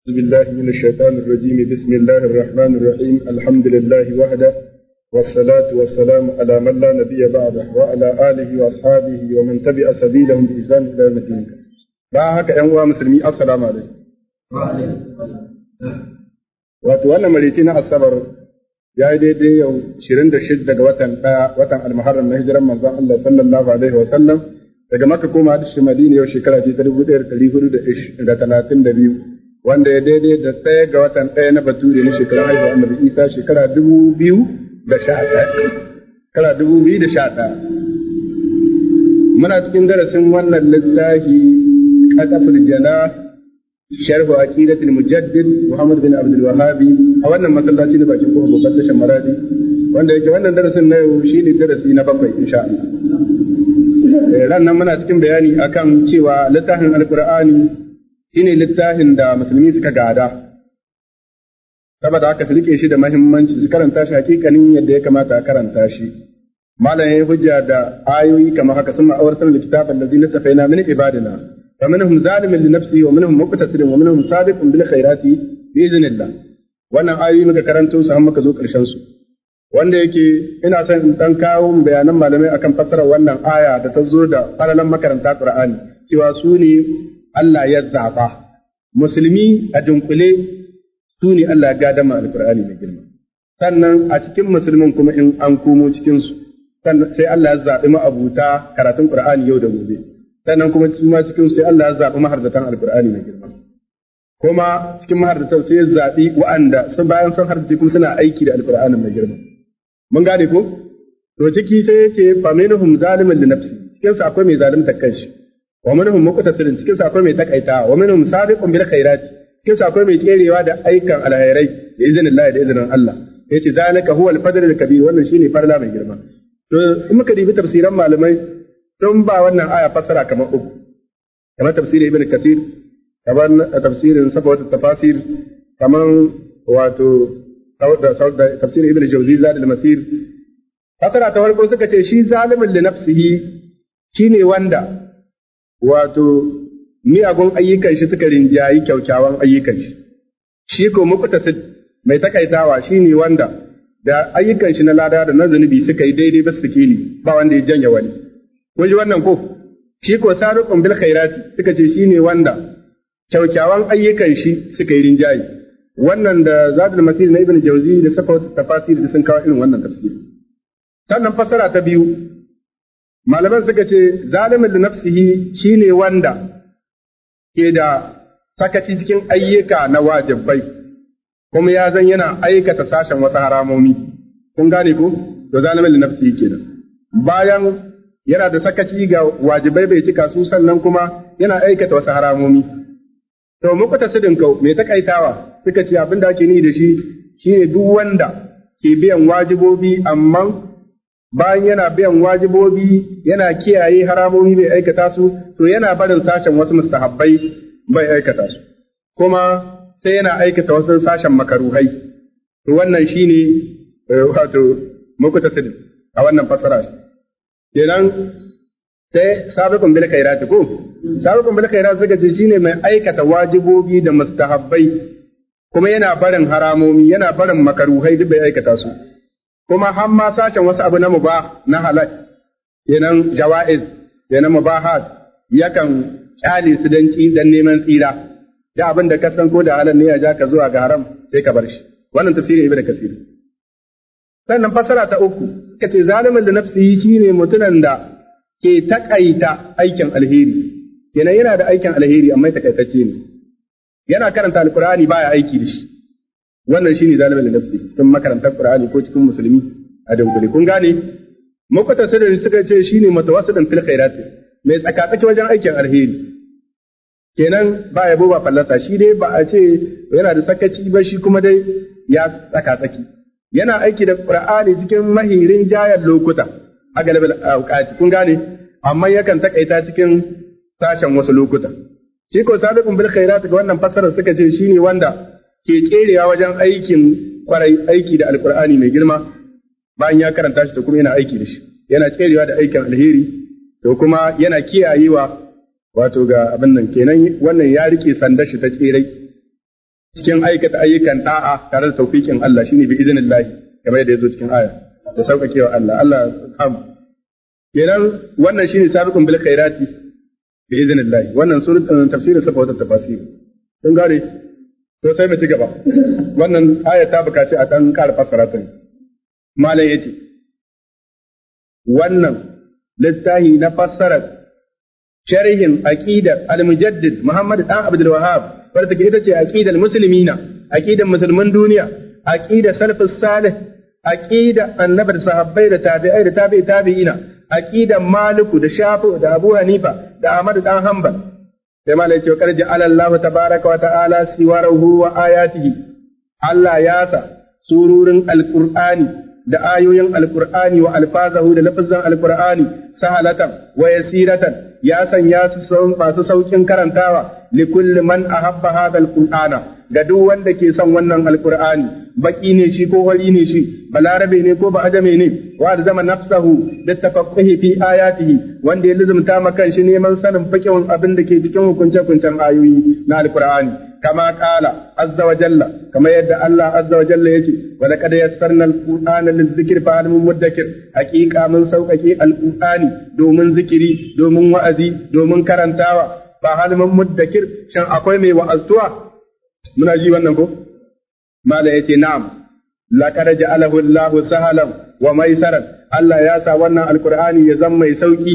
أعوذ بالله من الشيطان الرجيم بسم الله الرحمن الرحيم الحمد لله وحده والصلاة والسلام على من لا نبي بعده وعلى آله وأصحابه ومن تبع سبيلهم بإحسان إلى يوم الدين باهك أنواع مسلمي السلام عليكم wato wannan marici na asabar ya yi daidai yau 26 daga watan ɗaya watan almuharram na hijiran manzon Allah sallallahu alaihi wa sallam daga maka koma da shi madina yau shekara ce ta 1432 wanda ya daidai da ɗaya ga watan ɗaya na bature na shekarar haihuwa annabi isa shekara dubu biyu da sha shekara dubu biyu da sha ɗaya muna cikin darasin wannan littafi ƙasafin jana sharhu aqidatul mujaddid muhammad bin abdul wahabi a wannan masallaci ne bakin kuma babban tashar maradi wanda yake wannan darasin na yau shine darasi na bakwai insha Allah eh, ran nan muna cikin bayani akan cewa littafin alqur'ani ne littafin da musulmi suka gada saboda aka su rike shi da mahimmanci su karanta shi hakikanin yadda ya kamata a karanta shi malam yayi hujja da ayoyi kamar haka sun ma'awartar da zina ladzi na min ibadina fa minhum zalimin li nafsi wa minhum muqtasidun wa minhum sabiqun bil khairati bi idhnillah wannan ayoyi muka karanto su har muka zo karshen su wanda yake ina son in dan kawo bayanan malamai akan fassarar wannan aya da ta zo da falalan makaranta Qur'ani cewa su ne Allah ya zaba musulmi a dunkule su ne Allah ya gadama alkur'ani mai girma sannan a cikin musulmin kuma in an komo cikin su sai Allah ya zaɓi ma'abuta karatun Qur'ani yau da gobe sannan kuma cikin cikin sai Allah ya zaɓi maharzatan alkur'ani mai girma kuma cikin maharzatan sai ya zaɓi wa'anda sun bayan sun harjace kuma suna aiki da alkur'ani mai girma mun gane ko to ciki sai ya ce faminhum zalimin li nafsi cikin su akwai mai zalimta kanshi wa minhum muqtasidin cikin sakon mai takaita wa minhum sabiqun bil khairat cikin sakon mai kerewa da aikan alkhairai da izinin Allah da izinin Allah yace zalika huwa al-fadl al-kabir wannan shine farla mai girma to in muka dibi tafsiran malamai sun ba wannan aya fassara kamar uku kamar tafsirin ibn kathir kamar tafsirin sabawat tafasir kamar wato tafsirin ibn jawzi zad al-masir fassara ta farko suka ce shi zalimin li nafsihi shine wanda wato miyagun ayyukan shi suka rinjayi kyaukyawan ayyukan shi shi ko muqtasid mai takaitawa shine wanda da ayyukan shi na lada da na zunubi suka yi daidai ba su kili ba wanda ya janya wani kun ji wannan ko shi ko sarukun bil khairati suka ce shine wanda kyaukyawan ayyukan shi suka yi rinjayi wannan da zadul masir na ibn jawzi da safawat tafasir da sun kawo irin wannan tafsiri sannan fasara ta biyu malaman suka ce zalimin nafsihi shine wanda ke da sakaci cikin ayyuka na wajibai kuma ya zan yana aikata sashen wasu haramomi kun gane ko to zalimin nafsihi kenan bayan yana da sakaci ga wajibai bai cika su sannan kuma yana aikata wasu haramomi to muku sidin kau me takaitawa suka ce abin da ake ni da shi shine duk wanda ke biyan wajibobi amma bayan yana biyan wajibobi yana kiyaye haramomi bai aikata su to yana barin sashen wasu mustahabbai bai aikata su kuma sai yana aikata wasu sashen makaruhai to wannan shine eh, wato muku mukutasil a wannan fassara kenan sai sabiqun bil khairat ko sabiqun bil khairat daga ce shine mai aikata wajibobi da mustahabbai kuma yana barin haramomi yana barin makaruhai duk bai aikata su kuma har ma sashen wasu abu na muba na halal kenan jawa'iz kenan mubahat yakan kyale su dan dan neman tsira da abin da ka san ko da halal ne ya ja ka zuwa ga haram sai ka bar shi wannan tafsiri ibnu kasir sannan fasara ta uku suka ce zalimin da nafsihi shine mutunan da ke takaita aikin alheri kenan yana da aikin alheri amma takaitacce ne yana karanta alqur'ani baya aiki da shi wannan shine zalimin da nafsi cikin makarantar qur'ani ko cikin musulmi a dangane kun gane makwata sadari suka ce shine mutawassidan fil khairat mai tsakatsaki wajen aikin alheri kenan ba yabo ba fallasa shi dai ba a ce yana da sakaci ba shi kuma dai ya tsakatsaki yana aiki da qur'ani cikin mahirin jayar lokuta a galibin auqati kun gane amma yakan takaita cikin sashen wasu lokuta shi ko sabiqun bil khairat ga wannan fassarar suka ce shine wanda ke tserewa wajen aikin kwarai aiki da alkur'ani mai girma bayan ya karanta shi da kuma yana aiki da shi yana tserewa da aikin alheri to kuma yana kiyayewa wato ga abin nan kenan wannan ya rike sandar shi ta tserai cikin aikata ayyukan da'a tare da tawfiqin Allah shine bi idinillahi kamar yadda yazo cikin aya da saukakewa Allah Allah ham kenan wannan shine sabiqun bil khairati bi idinillahi wannan surutun tafsirin safa wata tafsir kun gare to sai mu ci gaba wannan aya ta bukaci a ɗan ƙara fassara ta malam yace wannan littahi na fassarar sharhin aqidar al-mujaddid Muhammad dan Abdul Wahhab take ita ce aqidar muslimina aqidar musulman duniya aqidar salafus salih aqidar annabi da sahabbai da tabi'ai da tabi'i tabi'ina aqidar maliku da shafi'u da abu hanifa da ahmad dan hanbal sai ma ce kar ja'ala Allah tabaraka wa ta'ala siwarahu wa ayatihi Allah ya sa sururin alqur'ani da ayoyin alqur'ani wa alfazahu da lafazan alqur'ani sahalatan wa yasiratan ya sanya su masu saukin karantawa li kulli man ahabba hadha alqur'ana ga duk wanda ke son wannan alqur'ani baki ne shi ko wari ne shi balarabe ne ko ba ajame ne wa zama nafsahu da tafaqquhi fi ayatihi wanda ya lazumta ma shi neman sanin fiqhun abin da ke cikin hukunce-hukuncen ayoyi na alqur'ani kama kala azza wa jalla kama yadda Allah azza wa jalla yace wa laqad yassarna al-qur'ana fa alim mudakkir haqiqa mun sauƙaƙe al domin zikiri domin wa'azi domin karantawa fa alim mudakkir shin akwai mai wa'aztuwa muna ji wannan ko mala yace na'am laqad ja'alahu Allahu sahalan wa maisaran Allah ya sa wannan alkur'ani ya zama mai sauƙi.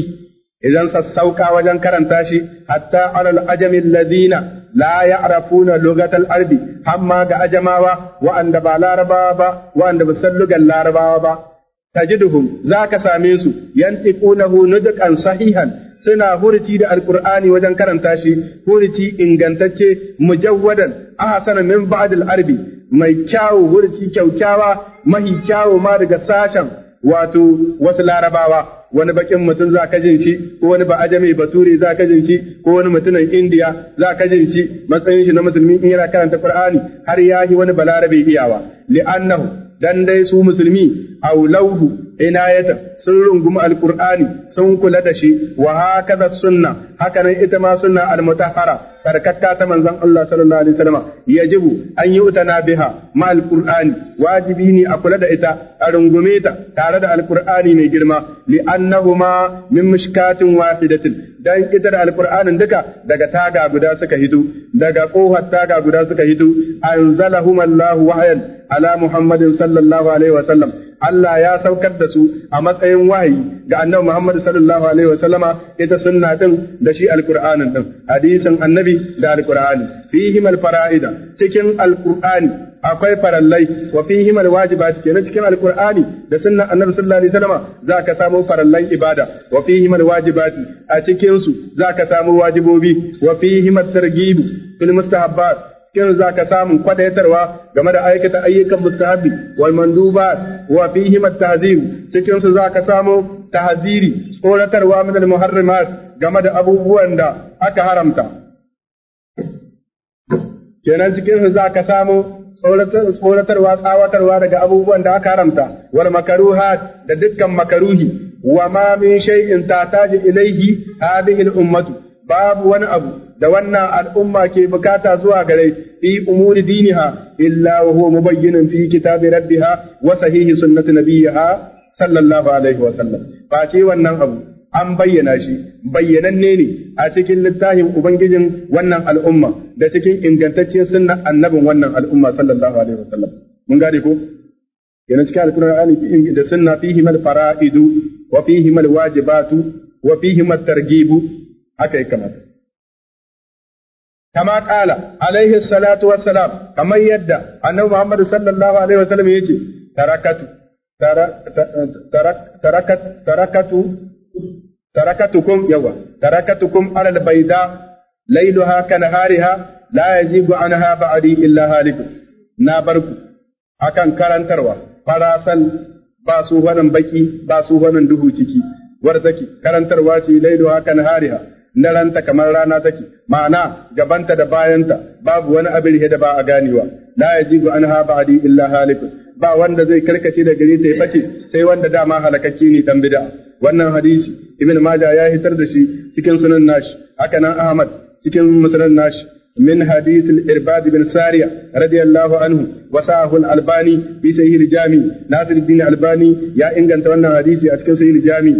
idan sassauka wajen karanta shi hatta alal ajami alladhina la ya'rafuna lugatal arbi, hamma ga ajamawa wa'anda ba larabawa ba wa'anda ba san lugar larabawa ba za zaka same su yantiqunahu nudqan sahihan suna hurici da alkur'ani wajen karanta shi hurici ingantacce mujawwadan ahsana min ba'd arbi mai kyawu wurci kyaukyawa mahi kyawu ma daga sashen wato wasu larabawa wani bakin mutum za ka jin ko wani ba bature za ka jin ko wani mutumin indiya za ka jin shi matsayin shi na musulmi in yana karanta qur'ani har yahi wani balarabe iyawa li'annahu dan dai su musulmi aulauhu inayata sun rungumi alqur'ani sun kula da shi wa hakaza sunna hakanan ita ma sunna almutahhara tsarkakka ta manzon Allah sallallahu alaihi wasallam yajibu an yi utana biha ma alqur'ani wajibi ne a kula da ita a rungume ta tare da alqur'ani mai girma li annahuma min mushkatin wahidatin dan ita da alqur'anin duka daga taga guda suka hito daga kohar taga guda suka hito anzalahum Allah wahyan ala Muhammadin sallallahu alaihi wa sallam Allah ya saukar da su a matsayin wahayi ga annabi Muhammad sallallahu alaihi wasallama ita sunna din da shi alqur'anin din hadisin annabi da alqur'ani fihi mal fara'ida cikin alqur'ani akwai farallai wa fihi mal wajibat kenan cikin alqur'ani da sunna annabi sallallahu alaihi wasallama zaka samu farallan ibada wa fihi mal wajibat a cikin su zaka samu wajibobi wa fihi mat targhib fil mustahabbat cikin za ka samun kwadaitarwa game da aikata ayyukan mustahabi wal manduba wa fihi at cikin su za ka samu tahziri tsoratarwa min al-muharramat game da abubuwan da aka haramta kenan cikin su za ka samu tsoratarwa tsawatarwa daga abubuwan da aka haramta wal makaruhat da dukkan makaruhi wa ma min shay'in tataji ilayhi hadhihi al-ummatu babu wani abu da wannan al'umma ke bukata zuwa gare fi umuri diniha illa wa huwa mubayyinun fi kitabi rabbiha wa sahihi sunnati nabiyha sallallahu alaihi wa sallam ba ce wannan abu an bayyana shi bayyananne ne a cikin littafin ubangijin wannan al'umma da cikin ingantacciyar sunnar annabin wannan al'umma sallallahu alaihi wa sallam mun gane ko yana cikin alkur'ani da sunna fihi mal fara'idu wa fihi mal wajibatu wa fihi mat targibu haka yake kamata kama kala alaihi salatu wassalam kamar yadda annabi Muhammad sallallahu alaihi wasallam yace tarakatu tarakatu, tarakatu kum yawa Tarakatu tarakatukum ala albayda laylaha hariha? la yazigu anha ba'di illa haliku na barku akan karantarwa farasan ba su wannan baki ba su wannan duhu ciki warzaki, karantarwa ce laylaha hariha. na ranta kamar rana take ma'ana gabanta da bayanta babu wani abin da ba a ganewa la an anha ba'di illa halikun ba wanda zai karkace da gari ta bace sai wanda dama halakakke ne dan bid'a wannan hadisi ibn majah ya hitar da shi cikin sunan nashi haka nan ahmad cikin musnad nashi Min irbad من حديث الإرباد بن سارية رضي الله عنه وساه الألباني في سهيل الجامي albani ya inganta wannan إن a cikin أتكن سهيل الجامي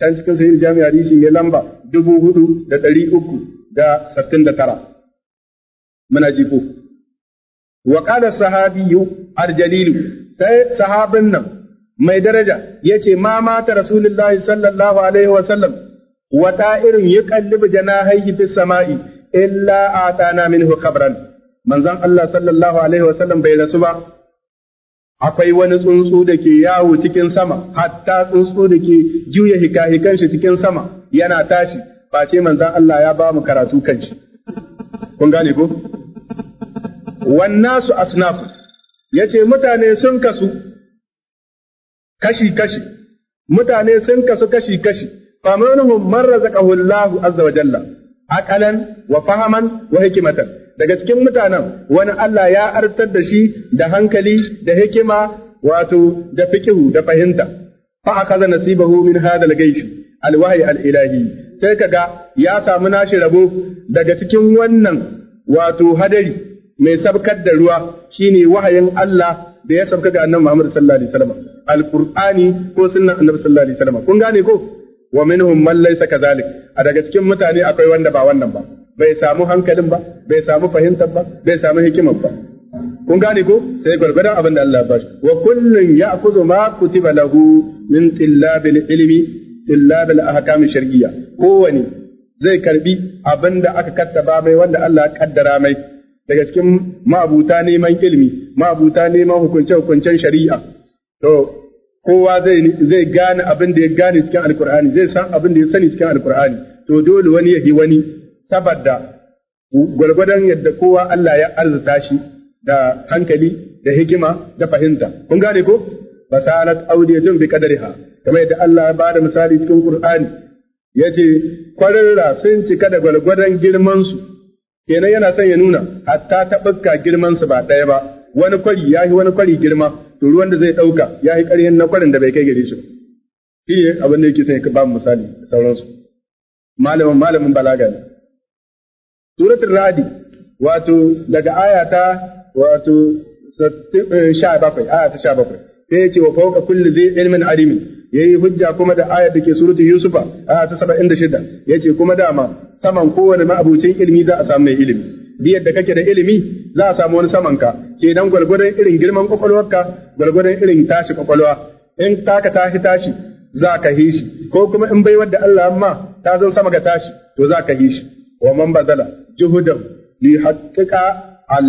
can cikin sahih jami'a hadisi ne lamba dubu hudu da ɗari uku da sittin da tara. Muna ji Wa ƙala sahabiyu aljalilu sai sahabin nan mai daraja ya ce ma mata Rasulullahi sallallahu alaihi wa sallam wa ta'irin yi kallibu haihi fi sama'i illa a atana minhu kabran. Manzan Allah sallallahu alaihi wa sallam bai rasu ba akwai wani tsuntsu da ke yawo cikin sama, hatta tsuntsu da ke juya hika-hikan shi cikin sama, yana tashi face manzan Allah ya ba mu karatu kan shi kun gane ko wannasu Ya ce mutane sun kasu kashi kashi mutane sun kasu kashi kashi famanhum marar zaƙa azza wa jalla Aƙalan wa fahaman wa hikimatan daga cikin mutanen wani Allah ya artar da shi da hankali da hikima wato da fikihu da fahimta fa akaza nasibahu min hadal gaishi alwahi al'ilahi sai kaga ya samu nashi rabo daga cikin wannan wato hadari mai sabkar da ruwa shine wahayin Allah da ya sabka ga annabi Muhammad sallallahu alaihi wasallam alqur'ani ko sunnan annabi sallallahu alaihi wasallam kun gane ko wa minhum man laysa kadhalik a daga cikin mutane akwai wanda ba wannan ba bai samu hankalin ba bai samu fahimtar ba bai samu hikimar ba kun gane ko sai gwargwadon abin da Allah ya bashi. wa kullun ya'khudhu ma kutiba lahu min tillabil ilmi illa bil ahkam shar'iyya Kowani zai karbi abinda aka kattaba mai wanda Allah ya kaddara mai daga cikin mabuta neman ilimi mabuta neman hukunce hukuncen shari'a to kowa zai zai gane abin da ya gane cikin alkur'ani zai san abin da ya sani cikin alkur'ani to dole wani ya yi wani saboda gwargwadon yadda kowa Allah ya arzuta shi da hankali da hikima da fahimta kun gane ko fakanat audiyatun bi qadariha kamar yadda Allah ya bada misali cikin Qur'ani yace kwararra sun cika da gwalgwadon girman su kenan yana son ya nuna hatta ta bukka girman su ba ɗaya ba wani kwari yahi wani kwari girma to ruwan da zai dauka yahi ƙaryan na kwarin da bai kai gare shi ba shi ne abin da yake son ya ba misali da sauransu malamin malamin balaga ne suratul radi wato daga ayata wato 17 ayata 17 sai ya ce wa fauka kulli zai ilmin alimi Ya yi hujja kuma da ayar da ke suratu yusufa aya ta Ya ce kuma dama saman kowane ma'abucin ilimi za a samu mai ilimi biyar da kake da ilimi za a samu wani samanka. Ke nan gwargwadon irin girman kwakwalwarka gwargwadon irin tashi kwakwalwa in taka tashi tashi za ka yi shi ko kuma in baiwar da Allah amma ta zo sama ga tashi to za ka yi shi wa man bazala juhudahu li haqqiqa al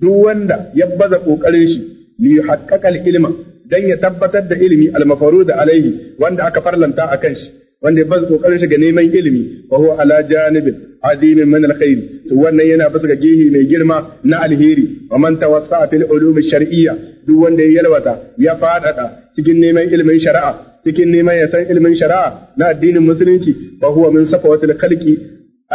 duk wanda ya baza kokarin shi li yuhaqqiqa ilma dan ya tabbatar da ilimi al da alaihi wanda aka farlanta akan shi wanda ya bazu kokarin shi ga neman ilimi fa huwa ala janibin azimin min al-khair to wannan yana bisa ga gehe mai girma na alheri wa man tawassa fil ulum shar'iyya duk wanda ya yalwata ya fadada cikin neman ilimin shari'a cikin neman ya san ilimin shari'a na addinin musulunci fa huwa min safawatil khalqi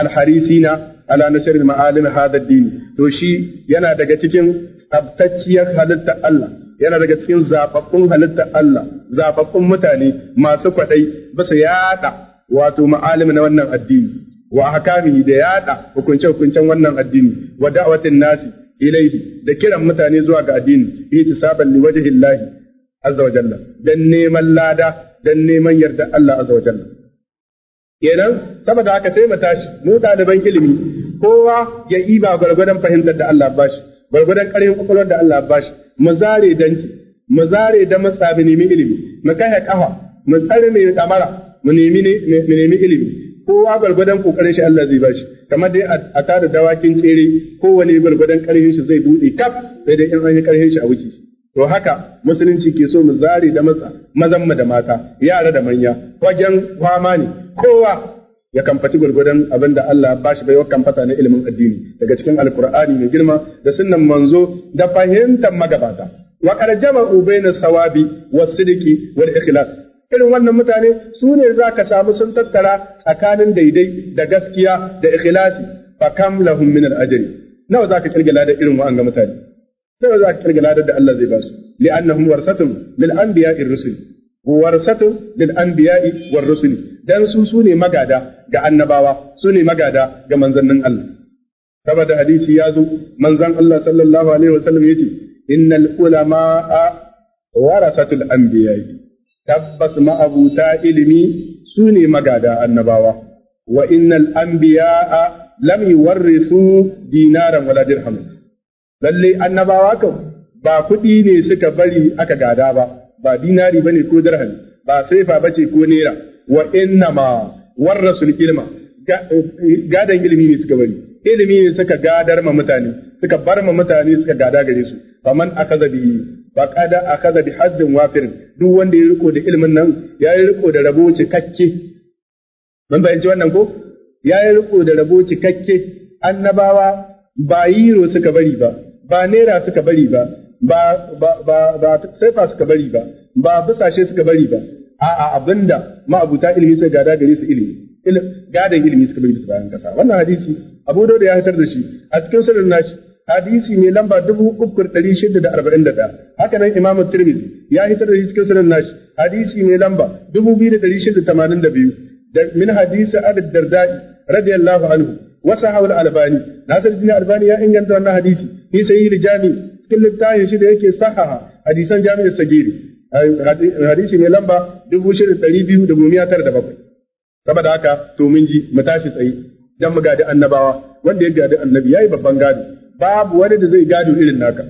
al-harisina ala nashr ma'alim hada din to shi yana daga cikin tsabtacciyar halitta Allah yana daga cikin zababbun halitta Allah zababbun mutane masu kwadai basu yada wato ma'alim na wannan addini wa hakami da yada hukunce hukuncen wannan addini wa da'watin nasi ilaihi da kiran mutane zuwa ga addini ihtisaban liwajhi Allah azza wajalla dan neman lada dan neman yarda Allah azza wajalla kenan saboda haka sai mu tashi mu ɗaliban ilimi kowa ya iba gwargwadon fahimtar da Allah ba shi gwargwadon ƙarfin kwakwalwar da Allah ba shi mu zare danki mu zare da masa mu nemi ilimi mu kai kafa mu tsare ne kamara mu nemi mu nemi ilimi kowa gwargwadon kokarin shi Allah zai ba shi kamar dai a tada dawakin tsere kowane gwargwadon ƙarfin shi zai bude kaf sai dai in an yi ƙarfin shi a wuce to haka musulunci ke so mu zare da matsa mazan mu da mata yara da manya wajen kwama ne kowa ya kamfaci gurgudan abin da Allah ba shi baiwa kamfata na ilimin addini daga cikin alkur'ani mai girma da sunnan manzo da fahimtar magabata wa qarjama ubayna sawabi was sidiki wal ikhlas irin wannan mutane su ne ka samu sun tattara tsakanin daidai da gaskiya da ikhlasi fa kam lahum min al ajri nawa ka kirgila da irin wa'anga mutane nawa zaka kirgila da Allah zai ba su li'annahum warsatun lil anbiya'ir rusul warsatun lil anbiya'i war rusuli dan su su ne magada ga annabawa su ne magada ga manzannin Allah saboda hadisi ya zo manzan Allah sallallahu alaihi wasallam yace innal ulama warasatul anbiya tabbas ma'abuta ilimi su ne magada annabawa wa innal anbiya lam yuwarrisu dinaran wala dirham lalle annabawa kan ba kuɗi ne suka bari aka gada ba ba dinari bane ko dirham ba saifa bace ko naira wa war rasul ilma gadan ilimi ne suka bari ilimi ne suka gadar ma mutane suka bar ma mutane suka gada gare su faman akaza bi faqada akaza bi hazzin wafir duk wanda ya riko da ilimin nan ya yi riko da rabo cikakke mun bayyana wannan ko ya yi riko da rabo cikakke annabawa ba yiro suka bari ba ba nera suka bari ba ba ba ba suka bari ba ba bisashe suka bari ba a'a abinda ma'abuta ilimi sai gada gare su ilimi gadan ilimi suka bai da bayan kasa wannan hadisi Abu Dawud ya fitar da shi a cikin sunan nashi hadisi mai lamba 3641 haka nan Imam Tirmidhi ya fitar da shi cikin sunan nashi hadisi mai lamba 2682 da min hadisi Abi Darda radiyallahu anhu wa sahawul albani nasir bin albani ya inganta wannan hadisi fi sahih jami cikin littafin shi da yake sahaha hadisan jami'ar sagiri hadisi mai lamba dubu shirin ɗari biyu da gumiya tara da bakwai saboda haka to mun ji mu tashi tsaye dan mu gadi annabawa wanda ya gadi annabi yayi babban gado babu wani da zai gado irin naka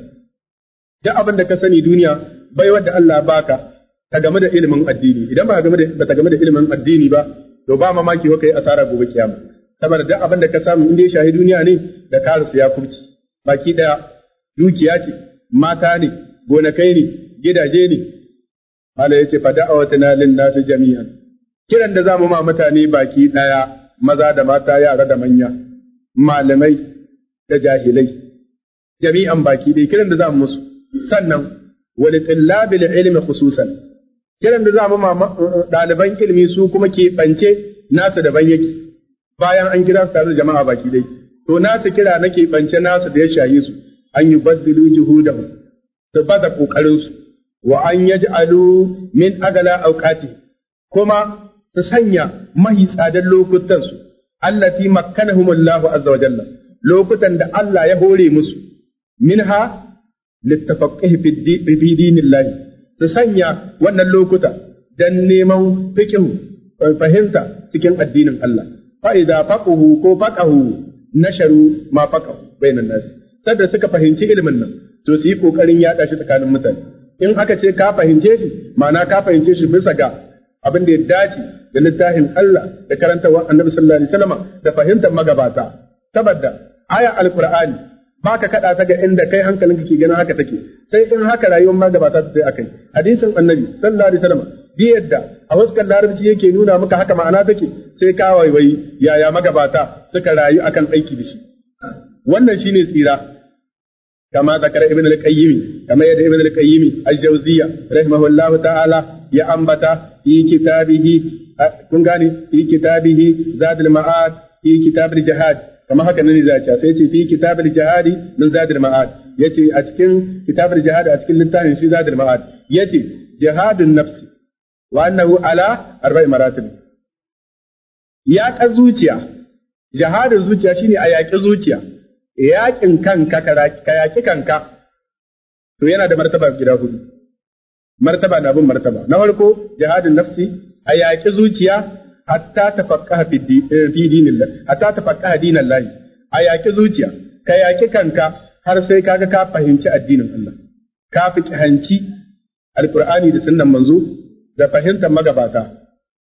duk abin da ka sani duniya bai wanda Allah baka ta game da ilimin addini idan ba game da ba ta game da ilimin addini ba to ba mamaki ko kai asara gobe kiyama saboda duk abin da ka samu inda ya shahi duniya ne da karasu ya kurci baki daya dukiya ce mata ne gonakai ne gidaje ne Allah yake da'awatuna lin-nasi jami'an kiran da zamu ma mutane baki daya maza da mata yara da manya malamai da jahilai jami'an baki dai kiran da zamu musu sannan wal tillabil ilmi khususan kiran da zamu ma daliban eh, ilmi su kuma ke bance nasu da banyaki bayan an kira su tare da jama'a baki dai to nasu kira nake bance nasu da ya shaye su an yubaddilu juhudahum su bada kokarin su wa an yaj'alu min agala awqati kuma su sanya mahi tsadar lokutan su allati makkanahum Allahu azza wa jalla lokutan da Allah ya hore musu minha littafaqih fi dinillah su sanya wannan lokuta dan neman fiqhu fahimta cikin addinin Allah fa idza faqahu ko faqahu nasharu ma faqahu bainan nas sabda suka fahimci ilimin nan to su yi kokarin yada shi tsakanin mutane in aka ce ka fahimce shi ma'ana ka fahimce shi bisa ga abin da ya dace da littafin Allah da karantar Annabi sallallahu alaihi wasallam da fahimtar magabata saboda aya alqur'ani baka kada ta ga inda kai hankalinka ke ganin haka take sai in haka rayuwar magabata ta sai akai hadisin Annabi sallallahu alaihi wasallam bi yadda a wasu larabci yake nuna maka haka ma'ana take sai ka waiwayi yaya magabata suka rayu akan aiki da shi wannan shine tsira كما ذكر ابن القيم كما يد ابن القيم الجوزية رحمه الله تعالى يا أنبت في كتابه كنغاني في كتابه زاد المعاد في كتاب الجهاد كما هكا نزاجة سيتي في كتاب الجهاد من زاد المعاد يتي أتكن كتاب الجهاد أتكن للتاهن في زاد المعاد يتي جهاد النفس وأنه على أربع مراتب ياك الزوجية جهاد الزوجية شيني أياك الزوجية yaƙin kanka ka yaƙi kanka to yana da martaba gida hudu martaba na bin martaba na farko jihadin nafsi a yaƙi zuciya hatta tafaqqaha eh, fi dinillah hatta a yaƙi zuciya ka yaƙi kanka har sai kaga ka fahimci addinin Allah ka fiqhanci alqur'ani da sunnan manzo da fahimtar magabata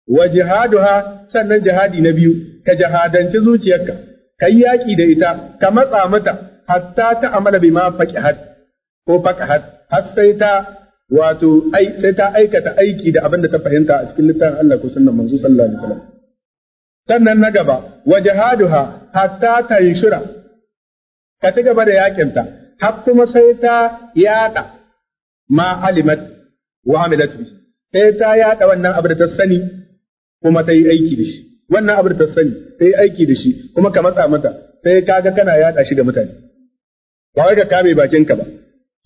wa jihaduha sannan jihadi na biyu ka jahadanci zuciyarka kai yaƙi da ita ka matsa mata hatta ta amala bima hat, ko hat, har sai ta wato sai ta aikata aiki da abin da ta fahimta a cikin littafin Allah ko sunnan manzo sallallahu alaihi wasallam sannan na gaba wajahaduha hatta tanshura ka ci gaba da ta har kuma sai ta yaɗa ma alimat wa amilat bi sai ta yaɗa wannan abin da ta sani kuma ta yi aiki da shi wannan abin da ta sani sai aiki da shi kuma ka matsa mata sai kaga kana yada shi ga mutane ba wai ka kame bakin ka ba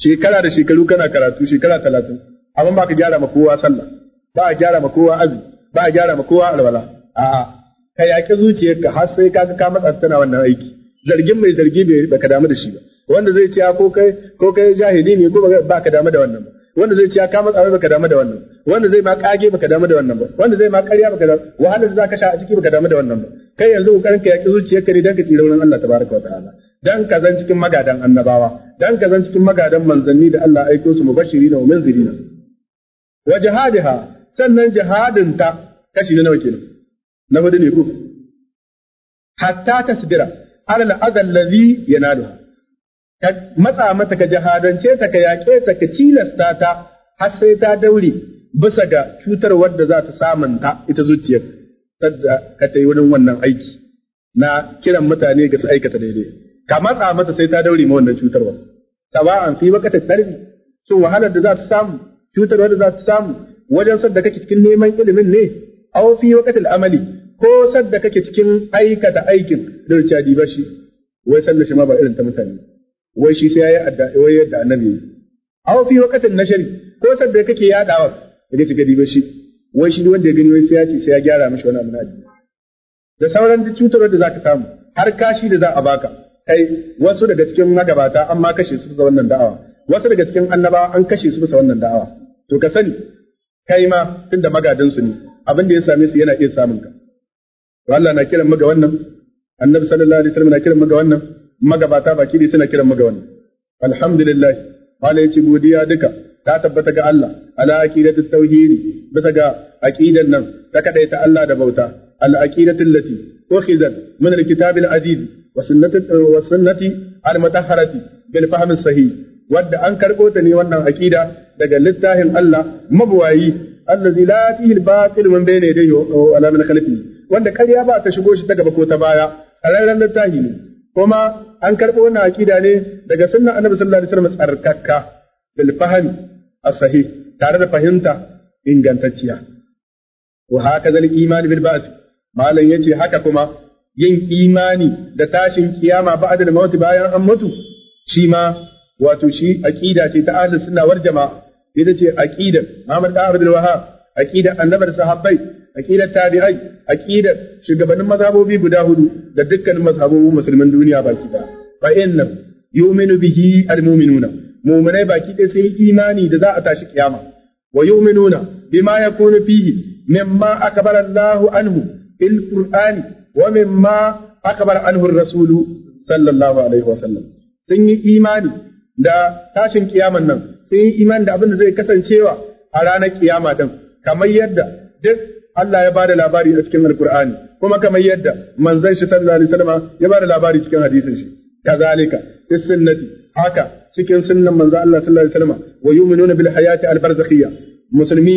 shekara da shekaru kana karatu shekara talatin amma ba ka gyara ma kowa sallah ba a gyara ma kowa azi ba a gyara ma kowa alwala a'a ka yaƙi zuciyarka har sai kaga ka matsa tana wannan aiki zargin mai zargi bai ka damu da shi ba wanda zai ce ko kai ko kai jahili ne ko ba ka damu da wannan ba wanda zai ce ya kama tsawe baka damu da wannan wanda zai ma kage baka damu da wannan ba wanda zai ma ƙarya baka damu wahalar da zaka sha a ciki baka damu da wannan ba kai yanzu kokarin ka yaki zuciya ka ne dan ka tsira wurin Allah tabaraka wa ta'ala dan ka zan cikin magadan annabawa dan ka zan cikin magadan manzanni da Allah aiko su mubashirina wa munzirina wa jihadiha sannan jihadin ta kashi na nawa kenan na hudu ne ku hatta tasbira ala al-adha alladhi yanaluha ka matsa mata ka jahadance, ta ka yaƙe ta ka tilasta ta har sai ta daure bisa ga cutar wadda za ta samunta ita zuciyar sadda ka ta yi wurin wannan aiki na kiran mutane ga su aikata daidai ka matsa mata sai ta daure ma wannan cutarwa an fi ta tarbi to wahalar da za ta samu cutar wadda za ta samu wajen sadda kake cikin neman ilimin ne aw fi waqtil amali ko sadda kake cikin aikata aikin da ya dibashi wai sallar ma ba irin ta mutane wai shi sai yi adda wai yadda annabi aw fi waqtin nashri ko sadda kake yadawa yaje shiga dibe shi wai shi wanda ya gani wai sai ya ce sai ya gyara mishi wani abu na da sauran duk cutar da zaka samu har kashi da za a baka kai wasu daga cikin magabata an ma kashe su bisa wannan da'awa wasu daga cikin annabawa an kashe su bisa wannan da'awa to ka sani kai ma tunda magadansu su ne abin da ya same su yana iya samun ka to Allah na kiran mu ga wannan annabi sallallahu alaihi wasallam na kiran mu ga wannan magabata baki ne suna kiran maga wannan alhamdulillah malai yace godiya duka ta tabbata ga Allah ala aqidatu tauhidi bisa ga aqidan nan ta kadaita Allah da bauta al aqidatu allati ukhizat min al kitab al aziz wa sunnati wa sunnati al mutahharati bil fahm sahih wadda an karbo ta ne wannan aqida daga littafin Allah mabwayi allazi la fihi al batil min bayni yadayhi wa min khalfihi wanda kariya ba ta shigo shi ta gaba ko ta baya a ranar littafi ne kuma an karɓo wannan aƙida ne daga sunnan annabi sallallahu alaihi wasallam tsarkakka bil fahmi as tare da fahimta ingantacciya wa haka zal imani bil ba'th malam yace haka kuma yin imani da tashin kiyama ba'da da mauti bayan an mutu shi ma wato shi aqida ce ta ahlus sunna wal jama'a ita ce aqida Muhammad da Abdul Wahhab aqida annabar sahabbai aqidar tabi'ai aqidar shugabannin mazhabobi guda hudu da dukkanin mazhabobin musulmin duniya baki da fa inna yu'minu bihi almu'minuna mu'minai baki ɗaya sai imani da za a tashi kiyama wa yu'minuna bima yakunu fihi mimma akbara Allahu anhu fil qur'ani wa mimma akbara anhu ar-rasulu sallallahu alaihi wa sallam sun yi imani da tashin kiyaman nan sun yi imani da abin da zai kasancewa a ranar kiyama din kamar yadda duk Allah ya bada labari a cikin alkur'ani kuma kamar yadda manzon shi sallallahu alaihi wasallam ya bada labari cikin hadisin shi kazalika fi sunnati haka cikin sunnan manzon Allah sallallahu alaihi wasallam wa yu'minuna bil hayati al barzakhiyya musulmi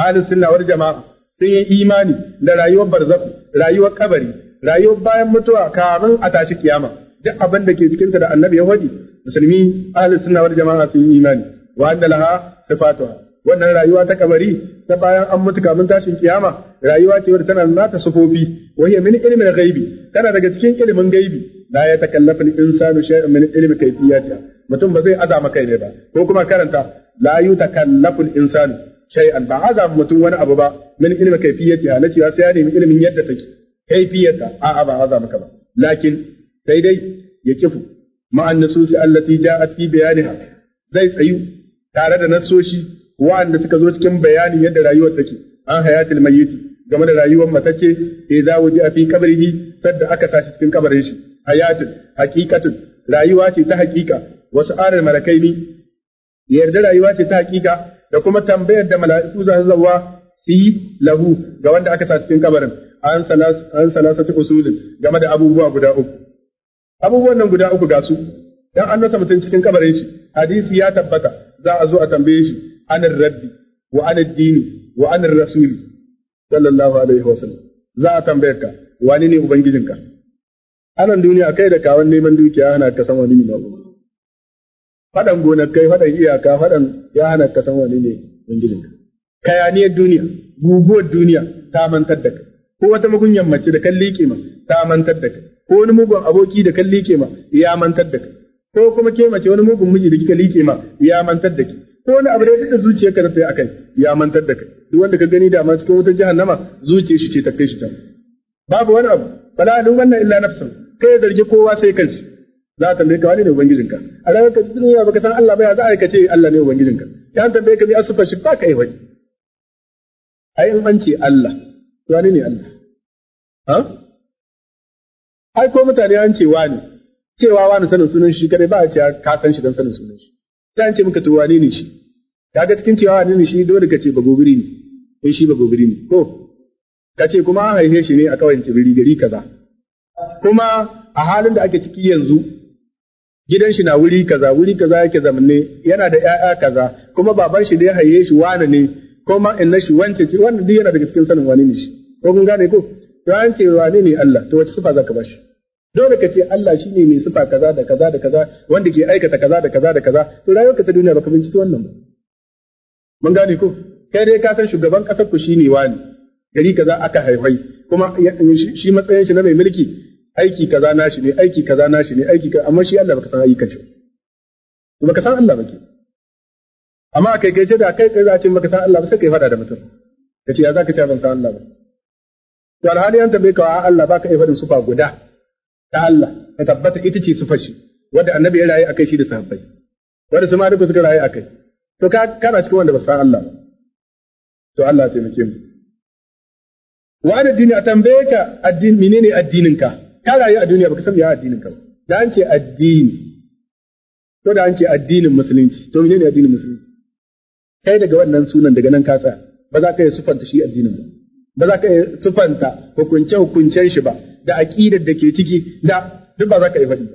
ahlus sunna wal jama'a sun yi imani da rayuwar barzakh rayuwar kabari rayuwar bayan mutuwa kamin a tashi kiyama duk abin da ke cikinta da annabi ya faɗi musulmi ahlus sunna wal jama'a sun yi imani wa anna laha sifatuha wannan rayuwa ta kabari ta bayan an mutu kamin tashin kiyama rayuwa ce wadda tana nata sufofi wa hiya min ilmin ghaibi tana daga cikin ilimin gaibi la ya takallafa al-insanu shay'an min ilmi kayfiyatiha mutum ba zai azama kai ne ba ko kuma karanta la yutakallafu al-insanu shay'an ba azama mutum wani abu ba min ilmi kayfiyatiha na cewa sai ya nemi ilimin yadda take kayfiyata a'a ba azama ka ba lakin sai dai ya kifu ma'an nasusi allati ja'at fi bayaniha zai tsayu tare da nasoshi wa'anda suka zo cikin bayanin yadda rayuwar take an hayatul mayyit game da rayuwar za idza a fi kabarihi sadda aka sashi cikin kabarin shi hayatul haqiqatul rayuwa ce ta haqiqa wasu arar ne. yarda rayuwa ce ta haqiqa da kuma tambayar da mala'iku za su zawa su lahu ga wanda aka sa cikin kabarin an salas an usulin game da abubuwa guda uku abubuwan nan guda uku ga su dan an nasa mutum cikin kabarin shi hadisi ya tabbata za a zo a tambaye shi an rabbi wa an dini wa an rasuli sallallahu alaihi wasallam za a tambaye ka wani ne ubangijinka anan duniya kai da kawan neman dukiya hana ka san wani ne ba fadan gonakai fadan iyaka fadan ya hana ka san wani ne ubangijinka kayaniyar duniya guguwar duniya ta mantar da kai ko wata mugunyan mace da kan liƙe ma ta mantar da kai ko wani mugun aboki da kan liƙe ma ya mantar da kai ko kuma ke mace wani mugun miji da kika liƙe ma ya mantar da ki ko wani abu da ya dada zuciyarka da tsaye kai ya mantar da kai duk wanda ka gani dama cikin wutar jahannama zuciyar shi ce ta kai shi can babu wani abu Bala fala manna illa nafsun kai ya zargi kowa sai kanshi za tambaye ka wani ne ubangijinka a ranar ka duniya baka san Allah ba ya za a aikace Allah ne ubangijinka ya tambaye ka bi asufa shi ba ka yi wani ai in an ce Allah wani ne Allah ha ai ko mutane an ce wani cewa wani sanin sunan shi kada ba a ce ka san shi dan sanin sunan shi Ta ce maka to wane ne shi kaga cikin cewa wane ne shi dole ka ce ba gobiri ne ko shi ba gobiri ne ko ka ce kuma an haife shi ne a kawai tsibiri gari kaza kuma a halin da ake ciki yanzu gidan shi na wuri kaza wuri kaza yake zamanne yana da ƴaƴa kaza kuma baban shi da ya haife shi wane ne kuma inna shi wance ce wannan duk yana daga cikin sanin wane ne shi ko kun gane ko to an ce wane ne Allah to wace sifa zaka bashi dole ka ce Allah shine mai sifa kaza da kaza da kaza wanda ke aikata kaza da kaza da kaza to rayuwarka ta duniya baka binciki wannan ba mun gane ko kai dai ka san shugaban kasar ku shine wani gari kaza aka haihai kuma shi matsayin shi na mai mulki aiki kaza nashi ne aiki kaza nashi ne aiki kaza amma shi Allah baka san ayyukan shi ka san Allah bake amma kai kai ce da kai tsaye za a ce baka san Allah ba sai kai fada da mutum kace ya zaka ce ban san Allah ba to alhali an tambaye ka Allah baka iya faɗin sufa guda ta Allah ta tabbata ita ce su fashi wanda annabi ya rayu akai shi da sahabbai wanda su duka suka rayu akai to ka kana cikin wanda ba san Allah to Allah ya taimake mu wa addini a tambaye ka addini menene addinin ka ka rayu a duniya baka san ya addinin ka ba da an ce addini to da an ce addinin musulunci to menene addinin musulunci kai daga wannan sunan daga nan kasa ba za ka yi sufanta shi addinin ba ba za ka yi sufanta hukunce hukuncen shi ba da aqidar da ke ciki da duk ba za ka yi faɗi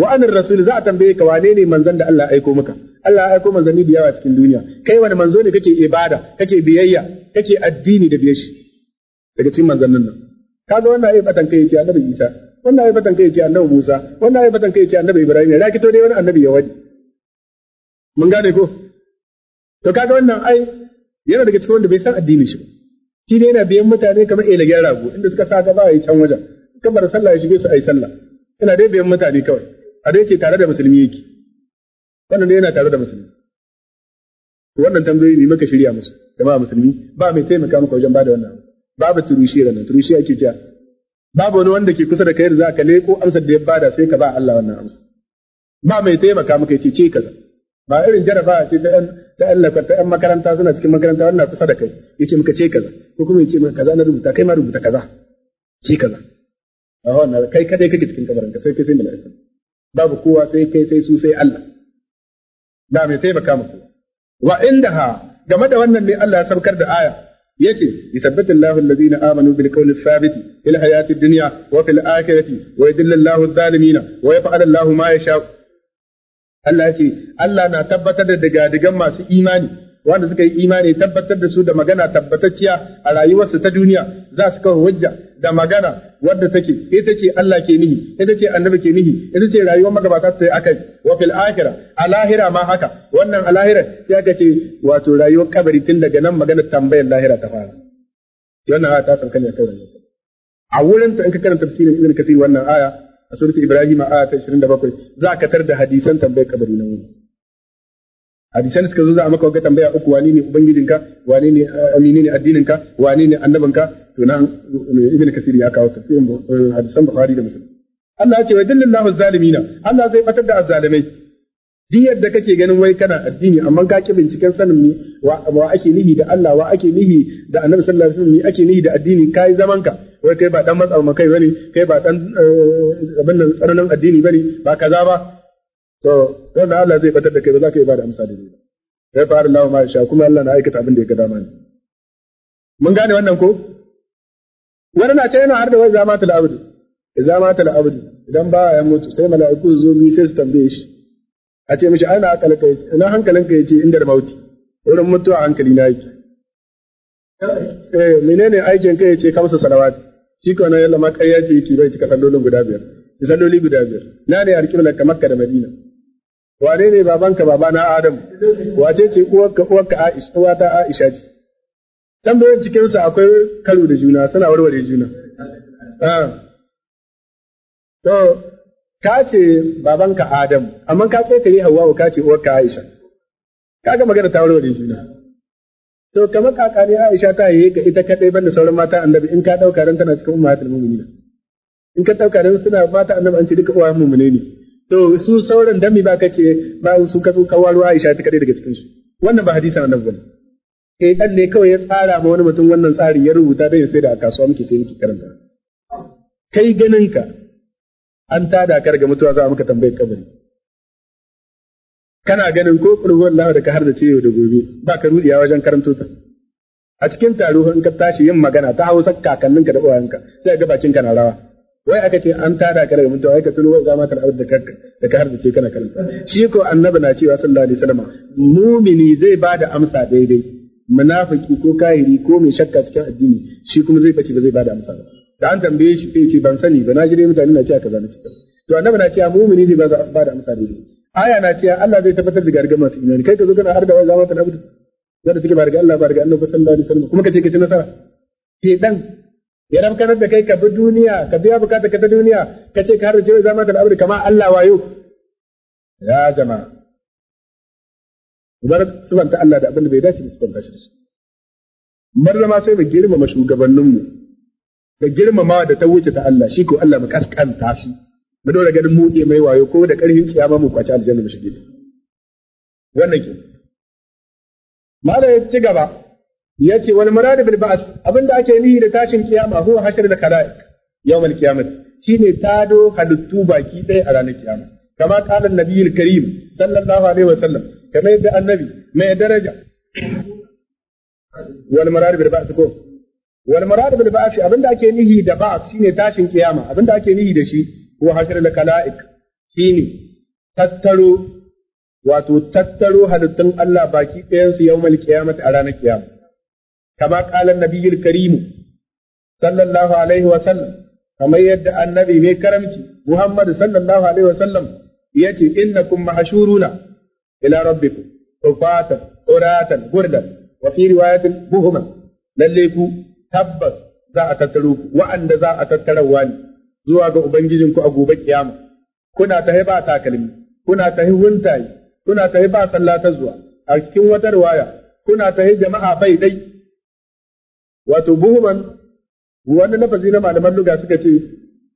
wa anar rasul za a tambaye ka wane ne manzon da Allah aiko maka Allah ya aiko manzanni da yawa cikin duniya kai wani manzo ne kake ibada kake biyayya kake addini da biyashi daga cikin manzannin nan kaga wannan ai fatan kai yace annabi Isa wannan ai fatan kai yace annabi Musa wannan ai fatan kai yace annabi Ibrahim ya kito dai wani annabi ya wadi mun gane ko to kaga wannan ai yana daga cikin wanda bai san addinin shi ba shi ne yana biyan mutane kamar ila gyara rago inda suka sa gaba yi can wajen kabar sallah ya shige su yi sallah yana dai biyan mutane kawai a dai ce tare da musulmi yake wannan yana tare da musulmi wannan tambayoyi ne maka shirya musu jama'a musulmi ba mai taimaka maka wajen bada wannan babu turushi ranar turushi ake cewa babu wani wanda ke kusa da kai da za ka leko amsar da ya bada sai ka ba Allah wannan amsa ba mai taimaka maka ya ce ce kaza ba irin a ce ta yan ta yan makaranta suna cikin makaranta wanda kusa da kai ce maka ce kaza ko kuma yace maka kaza na rubuta kai ma rubuta kaza ce kaza a wannan kai kadai kake cikin kabarin ka sai kai sai mala'ika babu kowa sai kai sai su sai Allah da mai taimaka muku wa inda ha, game da wannan ne Allah ya saukar da aya yace yuthabbitu Allahu alladhina amanu bil qawli thabit fil hayati dunya wa fil akhirati wa yudillu Allahu adh-dhalimina wa yaf'alu Allahu ma yasha'u Allah ce Allah na tabbatar da digadigan masu imani wanda suka yi imani tabbatar da su da magana tabbatacciya a rayuwarsu ta duniya za su kawo hujja da magana wadda take ita ce Allah ke nihi ita ce annabi ke nihi ita ce rayuwar magabata sai aka yi wa fil akhira a lahira ma haka wannan a lahira sai aka ce wato rayuwar kabari tun daga nan magana tambayar lahira ta fara wannan aya ta kankana kai a wurin ta in ka karanta tafsirin ibn Kathir wannan aya a suratul Ibrahim a ta 27 za a katar da hadisan tambayar kabari na wani hadisan suka zo za a maka wata tambaya uku wane ne ubangijinka wane ne eh, amini ne addininka wane ne annabinka to nan eh, ibn kasiri ya kawo tafsirin eh, hadisan bukhari da muslim Allah ya ce wa dillallahu zalimina Allah zai batar da azzalimai duk yadda kake ganin wai kana addini amma ka ki binciken sanin ni wa ake nihi da Allah wa ake nihi da Annabi sallallahu alaihi wasallam ni ake nihi da addini kai zaman ka wai kai ba dan matsar makai bane kai ba dan eh, abin nan tsananin addini bane ba kaza ba to dan Allah zai fatar da kai ba za ka yi ba da amsa da ni sai fara Allah ma sha kuma Allah na aikata abin da ya ga dama ne mun gane wannan ko wani na ce yana har da wai zama ta abdu idza mata al-abdu idan ba ya mutu sai mala'iku zo bi sai su tambaye shi a ce mishi ana akalka ina hankalinka yace inda da mauti wurin mutuwa hankali na yake eh menene aikin kai ce kamsa salawat shi ko na yalla ma ƙarya ce yake bai cika sallolin guda biyar salloli guda biyar na ne alƙibla ka makka da madina wane ne babanka babana Adamu, wace ce uwarka uwarka Aisha, uwata Aisha ce. Tambayoyin cikinsu akwai karo da juna, suna warware juna. Ah. To, ka ce babanka Adamu, amma ka yi kare Hawwa ka ce uwarka Aisha. Kaga magana ta warware juna. to kamar kakani Aisha ta yi ga ita kadai banda sauran mata annabi in ka dauka ran tana cikin ummatul mu'minin in ka dauka ran suna mata annabi an ce duka uwa mu'mine ne to su sauran dami ba ka ce ba su ka kawaro Aisha ta kadai daga cikin su wannan ba hadisin annabi bane eh dan ne kawai ya tsara ma wani mutum wannan tsarin ya rubuta dan ya sai da a kasuwa muke sai muke karanta kai ganin ka an tada ka daga mutuwa za a muka tambayar kabari kana ganin ko kurwan lawa da ka har da ce yau da gobe ba ka ya wajen karanto ta a cikin taro in ka tashi yin magana ta hausa kakanninka da uwanka sai ga bakin ka na rawa wai aka ce an tada ka daga mutuwa ka tuno ga maka al'abd da ka da ka har da ce kana karanta shi ko annabi na cewa sallallahu alaihi wasallam mumini zai bada amsa daidai munafiki ko kahiri ko mai shakka cikin addini shi kuma zai bace ba zai bada amsa ba da an tambaye shi sai ce ban sani ba na jire mutane na cewa kaza na cikin to annabi na cewa mumini zai bada amsa daidai aya na cewa Allah zai tabbatar da gargar masu imani kai ka zo kana argawa za mata abudu za ta suke ba daga Allah ba daga Allah ba sallallahu alaihi wasallam kuma ka ce ka ci nasara ke dan ya ramka da kai ka bi duniya ka biya bukata ka ta duniya ka ce ka harce za mata abudu kama Allah wayo ya jama'a bar subanta Allah da abin da bai dace da subanta shi da shi bar zama sai mu girmama shugabanninmu da girmama da ta wuce ta Allah shi ko Allah mu kaskanta shi mu dole ganin mu mai wayo ko da karfin tsiyama mu kwace aljanna mu shige wannan ke mala ya ci gaba ya ce wal murad bil ba'th abinda ake nihi da tashin kiyama huwa hashr da khalaiq yawmal qiyamah shine tado halittu baki ɗaya a ranar kiyama kama kalan an-nabiyul karim sallallahu alaihi wasallam kamar yadda annabi mai daraja wal murad bil ba'th ko wal murad bil ba'th abinda ake nihi da ba'th shine tashin kiyama abinda ake nihi da shi ko hashr al khalaiq shine tattaro wato tattaro halittun Allah baki ɗayansu su yawmal qiyamati a ranar kiyama kama qala an-nabiyul karim sallallahu alaihi wa sallam kamar yadda annabi mai karamci Muhammadu, sallallahu alaihi wa sallam yace innakum mahshuruna ila rabbikum tufatan uratan gurdan wa fi riwayatin buhuman lalle ku tabbas za a tattaro ku wa'anda za a tattara wani. zuwa ga ubangijinku a gobe kiyama kuna tahi ba takalmi kuna tahi huntaye kuna tahi ba sallah ta zuwa a cikin wata riwaya kuna tahi jama'a bai dai wato buhuman wani lafazi na malaman luga suka ce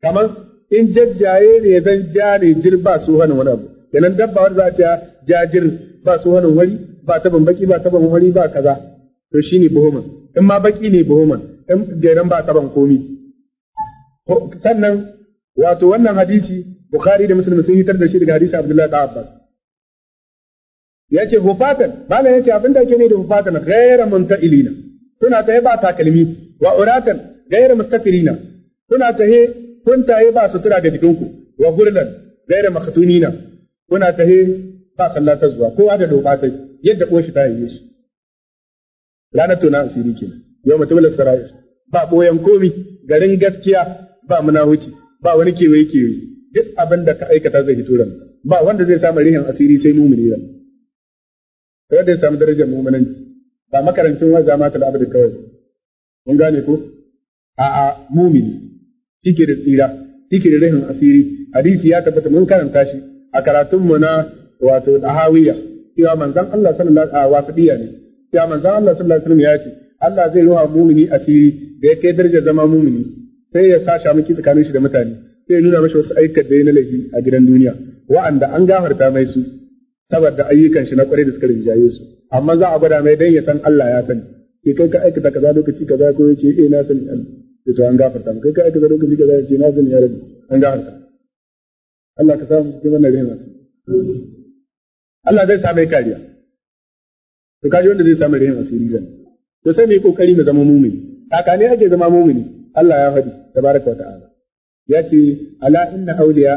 kamar in jajjaye ne zan ja ne jir ba su hannun wani abu kenan dabba wani za ta jajir ba su hannun wani ba ta baki ba ta wani ba kaza to shi ne buhuman in ma baki ne buhuman in geran ba taban komi sannan wato wannan hadisi Bukhari da Muslim sun hitar da shi daga hadisi Abdullahi da Abbas ya ce hufatan Ba ya ce abin da ake ne da hufatan gaira munta'ilina kuna yi ba takalmi wa uratan gaira mustafirina kuna yi kun yi ba sutura ga jikinku wa gurlan gaira makatunina kuna yi ba ta zuwa kowa da Hufatan yadda ɓoshi ta yi su ranar tona asiri kenan yau mutum ba koyan komi garin gaskiya ba wuce. ba wani kewaye kewaye duk abin da ka aikata zai fito ran ba wanda zai samu rihin asiri sai mumini ran sai da ya samu darajar muminanci ba makarancin waza ma da abin kawai mun gane ko a a mumini shike da tsira shike da rihin asiri hadisi ya tabbata mun karanta shi a karatun mu na wato dahawiya cewa manzon Allah sallallahu alaihi wasadiya ne cewa manzon Allah sallallahu alaihi wasallam ya ce Allah zai ruha mumini asiri da ya kai darajar zama mumini sai ya sa shamaki tsakanin shi da mutane sai ya nuna mashi wasu aikar da ya na laifi a gidan duniya wa'anda an gafarta mai su saboda ayyukan shi na kwarai da suka rinjaye su amma za a gwada mai dan ya san Allah ya sani ke eh, kai ka aikata kaza lokaci kaza ko ya ce eh na sani sai eh, to an gafarta kai ka aikata lokaci kaza ya ce na sani ya rabi an gafarta Allah ka samu cikin wannan rihima Allah zai same kariya to kaji wanda zai samu rihima asiri zan to sai mai yi kokari mu zama mumini kakane ake zama mumini Allah ya faɗi تبارك وتعالى ta'ala yace ala inna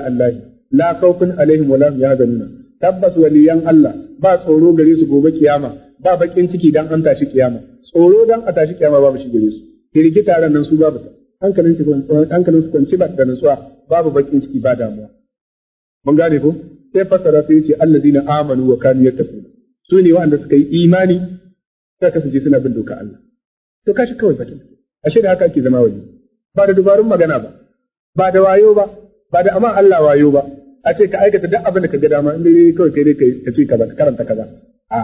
الله allahi خوف عليهم ولا هم la تبس yahzanuna tabbas waliyan Allah ba tsoro gare su gobe kiyama ba bakin ciki dan an tashi kiyama tsoro dan a tashi kiyama babu shi gare su firgita ran nan su babu ta hankalin su hankalin su kwanci ba da nutsuwa babu bakin ciki ba damuwa mun gane ko sai fasara sai yace allazina amanu wa kanu yattaquna su ne waɗanda suka yi imani suka kasance suna bin doka Allah to kashi kawai batun ashe da haka ake zama waje ba da dabarun magana ba ba da wayo ba ba da amma Allah wayo ba a ce ka aikata duk abin da ka ga dama in dai kawai kai dai ka ce kaza ka karanta kaza a na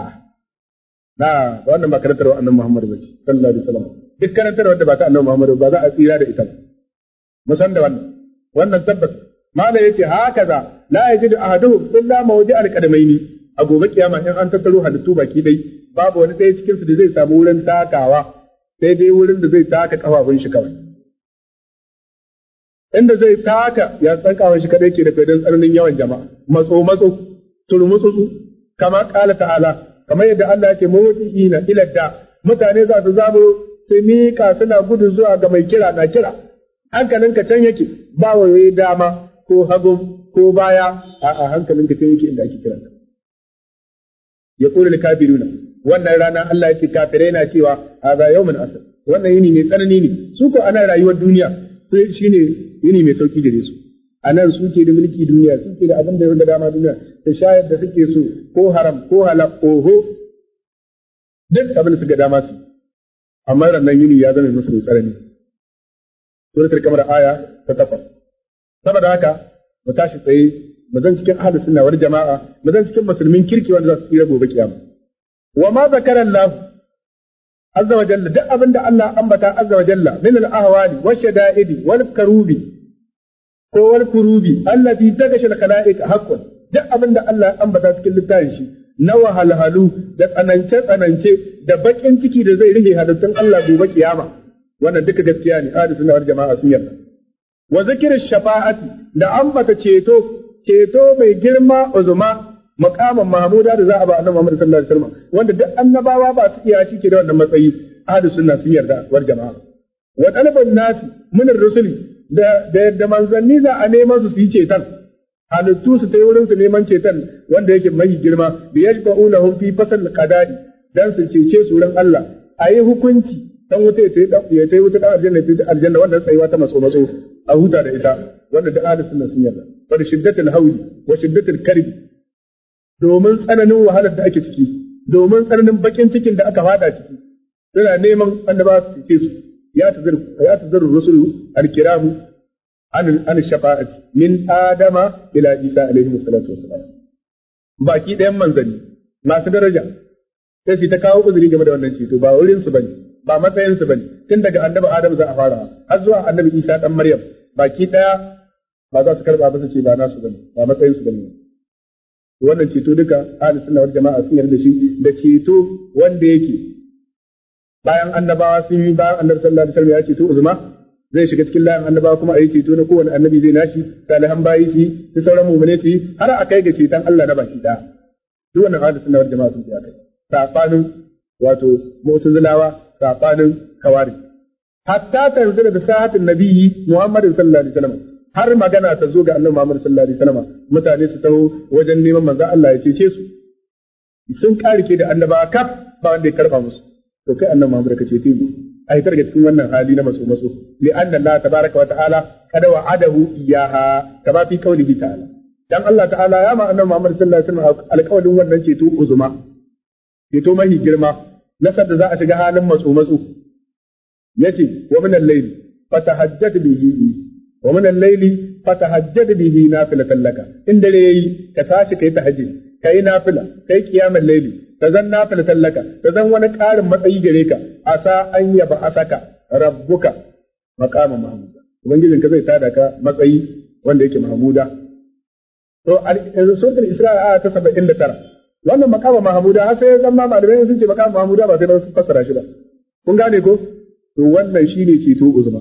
ba wannan ba karantar wa annabi Muhammad ba ce sallallahu alaihi wasallam duk karantar wanda ba ta annan Muhammadu ba za a tsira da ita ba mu san da wannan wannan tabbas malai yace hakaza la yajidu ahaduhum illa mawdi al-qadamaini a gobe kiyama in an tattaro halittu baki dai babu wani ɗaya cikinsu da zai samu wurin takawa sai dai wurin da zai taka kafafun shi kawai inda zai taka ya wa shi kadai ke da kaidan tsananin yawan jama'a matso matso su. kama kala ta'ala kamar yadda Allah yake mawdi'ina ila da mutane za su zabo su suna gudu zuwa ga mai kira na kira hankalinka can yake ba waye dama ko hagu ko baya a'a hankalinka can yake inda ake kira ya kula kafiruna wannan rana Allah yake kafirai na cewa ga yawmin asr wannan yini ne tsanani ne su ko ana rayuwar duniya sai shi ne yini mai sauki gare su a nan suke da mulki duniya suke da abin da yawan da dama duniya da shayar da suke so ko haram ko halal oho duk abin da suka dama su amma nan yini ya zama musu mai tsarani. suratul kamar aya ta takwas saboda haka mu tashi tsaye mu zan cikin ahlus sunna wal jama'a mu zan cikin musulmin kirki wanda za su iya gobe kiyama wa ma zakara Allah azza wa jalla duk abin Allah ambata azza wa jalla min al ahwali karubi ko wal kurubi allati tagasha al khalaiq haqqan duk abin da Allah ambata cikin littafin shi na wahalhalu da tsanance tsanance da bakin ciki da zai rige halittun Allah gobe kiyama wannan duka gaskiya ne ahli sunna wal jama'a sun yarda wa zikr shafa'ati da ambata ceto ceto mai girma uzuma makaman mahmuda da za a ba annabi Muhammad sallallahu alaihi wasallam wanda duk annabawa ba su iya shi ke da wannan matsayi ahli sunna sun yarda war jama'a wa talabun nasi min rusuli da da yadda manzanni za a neman su su yi cetan halittu su ta wurin su neman cetan wanda yake mai girma bi yajba'unahum fi fasal qada'i dan su cece su wurin Allah a yi hukunci dan wuta ya tayi wuta dan aljanna ta aljanna wanda tsayuwa ta maso maso a huta da ita wanda duk ahli sunna sun yarda wa shiddatul hawli wa shiddatul karbi domin tsananin wahalar da ake ciki domin tsananin bakin cikin da aka fada ciki suna neman annaba su cece su ya tazar ya tazar rusulu alkiramu an an min adama ila isa alaihi salatu wassalam baki ɗayan manzanni masu daraja sai su ta kawo uzuri game da wannan ceto ba wurin su bane ba matsayin su bane tun daga annabi adam za a fara har zuwa annabi isa dan maryam baki ɗaya ba za su karba ba su ce ba nasu bane ba matsayin su bane wannan ceto duka ahlus sunna wal jama'a sun yarda shi da ceto wanda yake bayan annabawa sun yi bayan annabi sallallahu alaihi wasallam ya ceto uzma zai shiga cikin layin annabawa kuma ayi ceto na kowane annabi zai nashi salihan bayi shi da sauran mu'mine yi. har a kai ga ceton Allah na baki da duk wannan ahlus sunna wal jama'a sun yi akai safanin wato mu'tazilawa safanin kawari hatta tanzila da sahatin nabiyyi muhammadin sallallahu alaihi wasallam har magana ta zo ga annabi Muhammad sallallahu alaihi wasallam mutane su taho wajen neman manzo Allah ya cece su sun karike da annaba kaf ba wanda ya karba musu to kai annabi Muhammad ka cece a ai ga cikin wannan hali na maso maso li anna Allah tabaraka wa ta'ala kada wa'adahu iyaha ba fi qawlihi ta'ala dan Allah ta'ala ya ma annabi Muhammad sallallahu alaihi wasallam alƙawalin wannan ceto uzuma ceto mahi girma nasar da za a shiga halin maso maso yace wa min al-layl fatahajjat bihi wa min al-layli fatahajjad bihi nafilatan laka in dare yayi ka tashi kai tahajjud kai nafila kai qiyamul layli ka zan nafilatan laka ka zan wani ƙarin matsayi gare ka a sa an yaba asaka rabbuka maqama mahmuda ka zai tada ka matsayi wanda yake mahmuda to suratul isra aya ta 79 wannan makama mahmuda har sai zan ma malamai sun ce makama mahmuda ba sai ba su fassara shi ba kun gane ko to wannan shine ceto uzma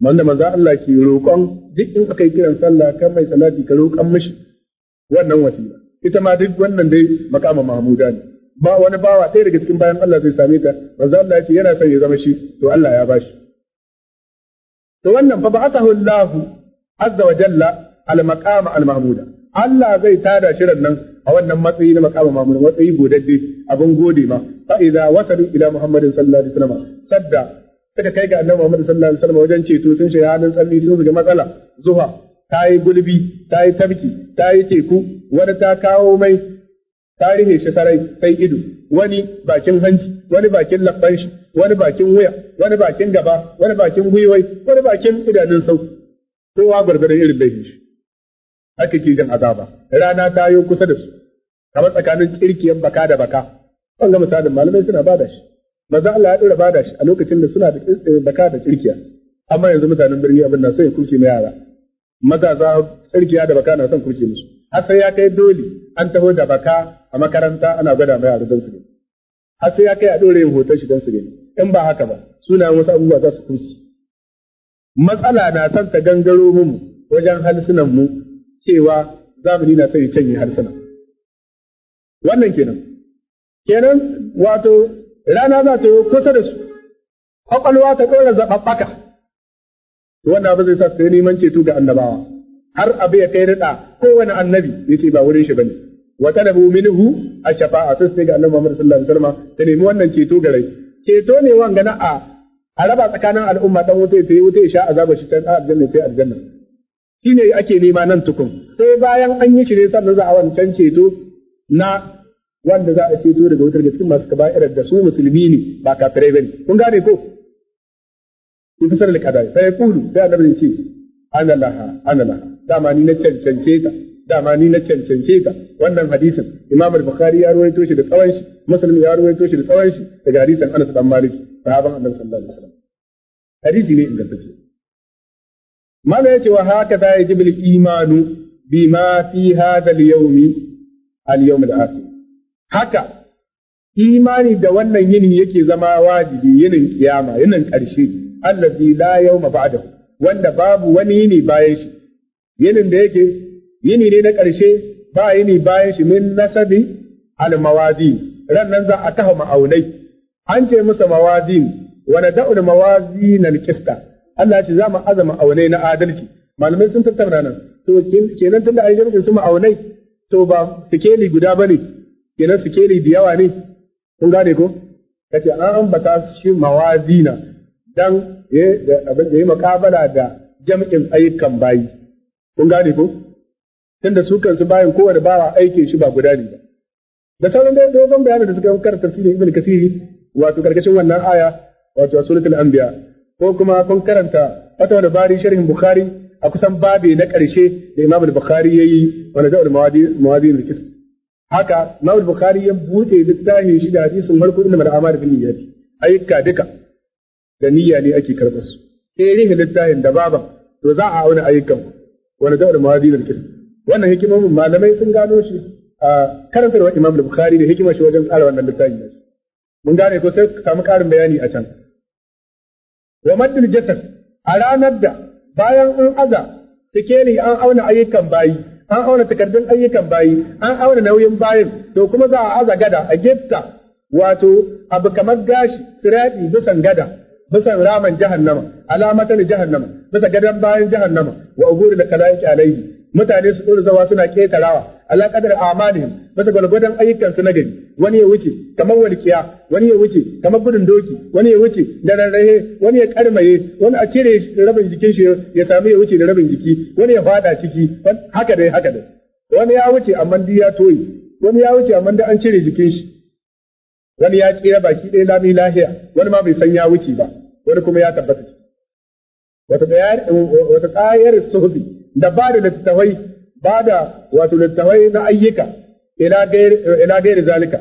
wanda manzo Allah ke roƙon duk in aka yi kiran sallah kan mai salati ka roƙon mishi wannan wasila ita ma duk wannan dai makama mahmuda ne ba wani bawa ɗaya daga cikin bayan Allah zai same ta manzo Allah ya ce yana son ya zama shi to Allah ya bashi to wannan fa ba'athahu Allah azza wa jalla al al mahmuda Allah zai tada shi nan a wannan matsayi na makama mahmud matsayi godadde abin gode ma fa idza wasalu ila muhammadin sallallahu alaihi wasallam sadda suka kai ga annabi Muhammad sallallahu alaihi wasallam wajen ceto sun shiga halin tsalli sun shiga matsala zuha ta yi gulbi ta yi tafki ta yi teku wani ta kawo mai ta shi sarai sai ido wani bakin hanci wani bakin labban shi wani bakin wuya wani bakin gaba wani bakin gwiwai wani bakin idanun sau kowa gwargwadon irin da shi haka ke jin azaba rana ta yi kusa da su kamar tsakanin tsirkiyar baka da baka ga misalin malamai suna bada shi maza Allah ya dora da shi a lokacin da suna da baka eh, da tsirkiya amma yanzu mutanen birni abin na sai ya kurce na yara mazaza tsirkiya da baka na son kurce musu har sai ya kai dole an taho da baka a makaranta ana gwada mai yara don su ne har sai ya kai a dore hoton shi don su ne in ba haka ba sunayen wasu abubuwa za su kurce matsala na son ta gangaro mu wajen halsunan mu cewa zamani na sai ya canye harsuna. wannan kenan kenan wato rana za ta yi kusa da su kwakwalwa ta ɗora zaɓaɓɓaka wanda abu zai sa su neman ceto ga annabawa har abu ya kai riɗa kowane annabi ya ce ba wurin shi ba ne. Wata da minhu ash-shafa'a sai sai ga annabi Muhammadu sallallahu alaihi wasallam ta nemi wannan ceto ga rai. ceto ne wanga na a a raba tsakanin al'umma dan wuta sai wuta ya sha azaba shi tan aljanna sai aljanna ne ake nema nan tukun sai bayan an yi shi ne sannan za a wancan ceto na wanda za a ceto daga wutar da cikin masu kaba'irar da su musulmi ne ba kafirai bane kun gane ko in fasar da kadari sai kulu sai annabi ce ana laha ana laha dama ni na cancance ta dama ni na cancance ta wannan hadisin imam al-bukhari ya ruwaito shi da tsawon shi muslim ya ruwaito shi da tsawon shi daga hadisin Anas dan Malik sahaban annabi sallallahu alaihi wasallam hadisi ne ingantacce mana yace wa haka za a yi yajibul imanu bi ma fi hadha al-yawmi al-yawm al-akhir haka imani da wannan yini yake zama wajibi yinin kiyama yinin ƙarshe allazi la yawma ba'dahu wanda babu wani yini bayan shi yinin da yake yini ne na ƙarshe ba yini bayan shi min nasabi al ran rannan za a taho ma'aunai an ce musa mawadi wa nada'u mawadi al qista Allah ce za mu azama aunai na adalci malamai sun tattauna nan to kenan tunda an yi su ma'aunai to ba sikeli guda bane kenan kere da yawa ne kun gane ko Ka ce an ambata shi mawazina dan ya yi makabala da jam'in ayyukan bayi kun gane ko tunda su kansu bayan kowane bawa aikin shi ba guda ne ba da sauran da dogon bayanin da suka karanta ne ibn kasiri wato karkashin wannan aya wato suratul anbiya ko kuma kun karanta wata wani bari sharhin bukhari a kusan babe na ƙarshe da imam al-bukhari yayi wani da mawadi mawadi haka Imam Bukhari ya buɗe littafin shi da hadisin farko inda amara bin niyyati ayyuka duka da niyya ne ake karɓar su sai rihi littafin da baban to za a auna ayyukan wani da'ar mawazin al-kitab wannan hikimomin malamai sun gano shi a karantarwa Imam Bukhari da hikimar shi wajen tsara wannan littafin mun gane ko sai samu ƙarin bayani a can wa maddul jasad a ranar da bayan an aza sikeli an auna ayyukan bayi an auna takardun ayyukan bayi an auna nauyin bayin to kuma za a aza gada a gifta wato abu kamar gashi sirati bisan gada bisan raman jahannama alamatan jahannama bisa gadan bayan jahannama wa uguri da kalaiki alaihi mutane su dora zawa suna ketarawa ala kadar amani bisa gwalgwadon ayyukan su na gari wani ya wuce kamar walkiya wani ya wuce kamar gudun doki wani ya wuce da rarrahe wani ya karmaye wani a cire rabin jikin shi ya samu ya wuce da rabin jiki wani ya fada ciki haka dai haka dai wani ya wuce amma duk ya toyi wani ya wuce amma duk an cire jikin shi wani ya tsira baki ɗaya lami lahiya wani ma bai san ya wuce ba wani kuma ya tabbata wata tsayar wata tsayar suhubi da ba da littafai ba da wato littafai na ayyuka ila gairi zalika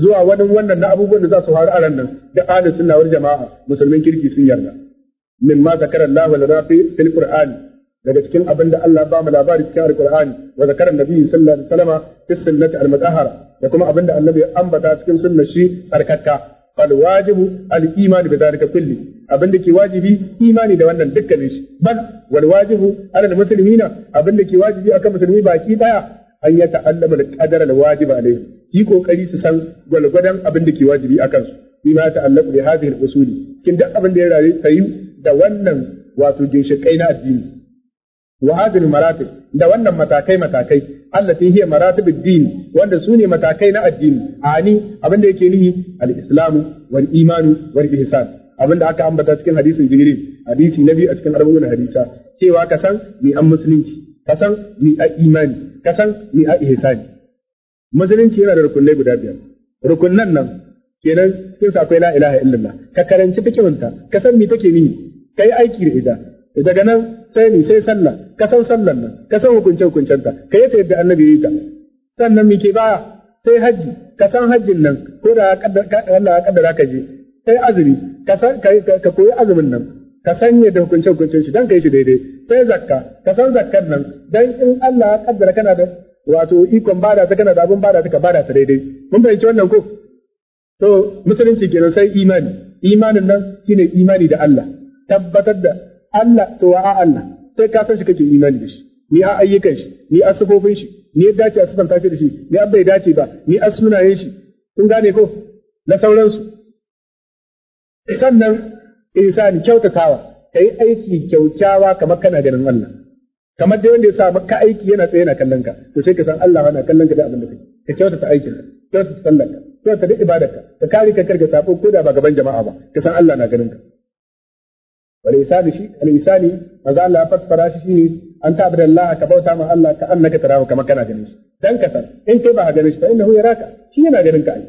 zuwa wani wannan na abubuwan da za su faru a ran nan da ahlus sunna wal jama'a musulmin kirki sun yarda min ma zakara Allah lana fil qur'an daga cikin abin da Allah ba mu labari cikin alqur'ani wa zakara nabi sallallahu alaihi wasallam fi sunnati al mutahhara da kuma abin da annabi ambata cikin sunnar shi tsarkaka al wajibu ba za bi zalika kulle. abin da ke wajibi imani da wannan dukkanin shi bal wal wajibu ala muslimina abin da ke wajibi akan musulmi baki daya an ya ta'allama al qadar al wajibi alaihi yi kokari su san gwalgwadan abin da ke wajibi akan su bima ta'allaqu bi hadhihi al usuli kin duk abin da ya rayu da wannan wato ginshikai na addini wa hadhihi maratib da wannan matakai matakai allati hiya maratib ad-din wanda sune matakai na addini ani abinda yake nihi al-islamu wal imanu wal ihsan abinda aka ambata cikin hadisin jibril hadisi nabi a cikin arba'un hadisa cewa ka san ni an musulunci ka san ni a imani ka san ni a ihsani musulunci yana da rukunai guda biyar rukunan nan kenan sa akwai la ilaha illallah ka karanci fikihunta ka san me take nini kai aiki da ita daga nan sai ni sai sallah ka san sallan nan ka san hukunce hukuncenta ka yi ta yadda annabi yi ta sannan mike ba sai hajji ka san hajjin nan ko da Allah ya kaddara ka je sai azumi ka koyi azumin nan ka san da hukunce hukuncen shi dan kai shi daidai sai zakka ka san zakkar nan dan in Allah ya kaddara kana da wato ikon bada ta kana da abun bada ta ka bada ta daidai mun ci wannan ko to musulunci kenan sai imani imanin nan shine imani da Allah tabbatar da Allah to wa Allah sai ka san shi kake imani da shi ni a ayyukan shi ni a sufofin shi ni ya dace a sufan tashi da shi ni abba bai dace ba ni a sunayen shi kun gane ko na sauransu sannan ihsani kyautatawa kai aiki kyautawa kamar kana ganin Allah kamar dai wanda ya sa maka aiki yana tsaye yana kallon ka to sai ka san Allah yana kallon ka da abin da kake ka kyautata aikin ka kyautata sallar ka kyautata ibadar ka ka kare ka karka sabo ko da ba gaban jama'a ba ka san Allah na ganin ka wal ihsanu shi al ihsani manzo Allah ya shi shine an ta'budu Allah ka bauta wa Allah ka annaka tarahu kamar kana ganin shi dan ka san in kai ba ka ganin shi fa innahu yaraka shi yana ganin ka ai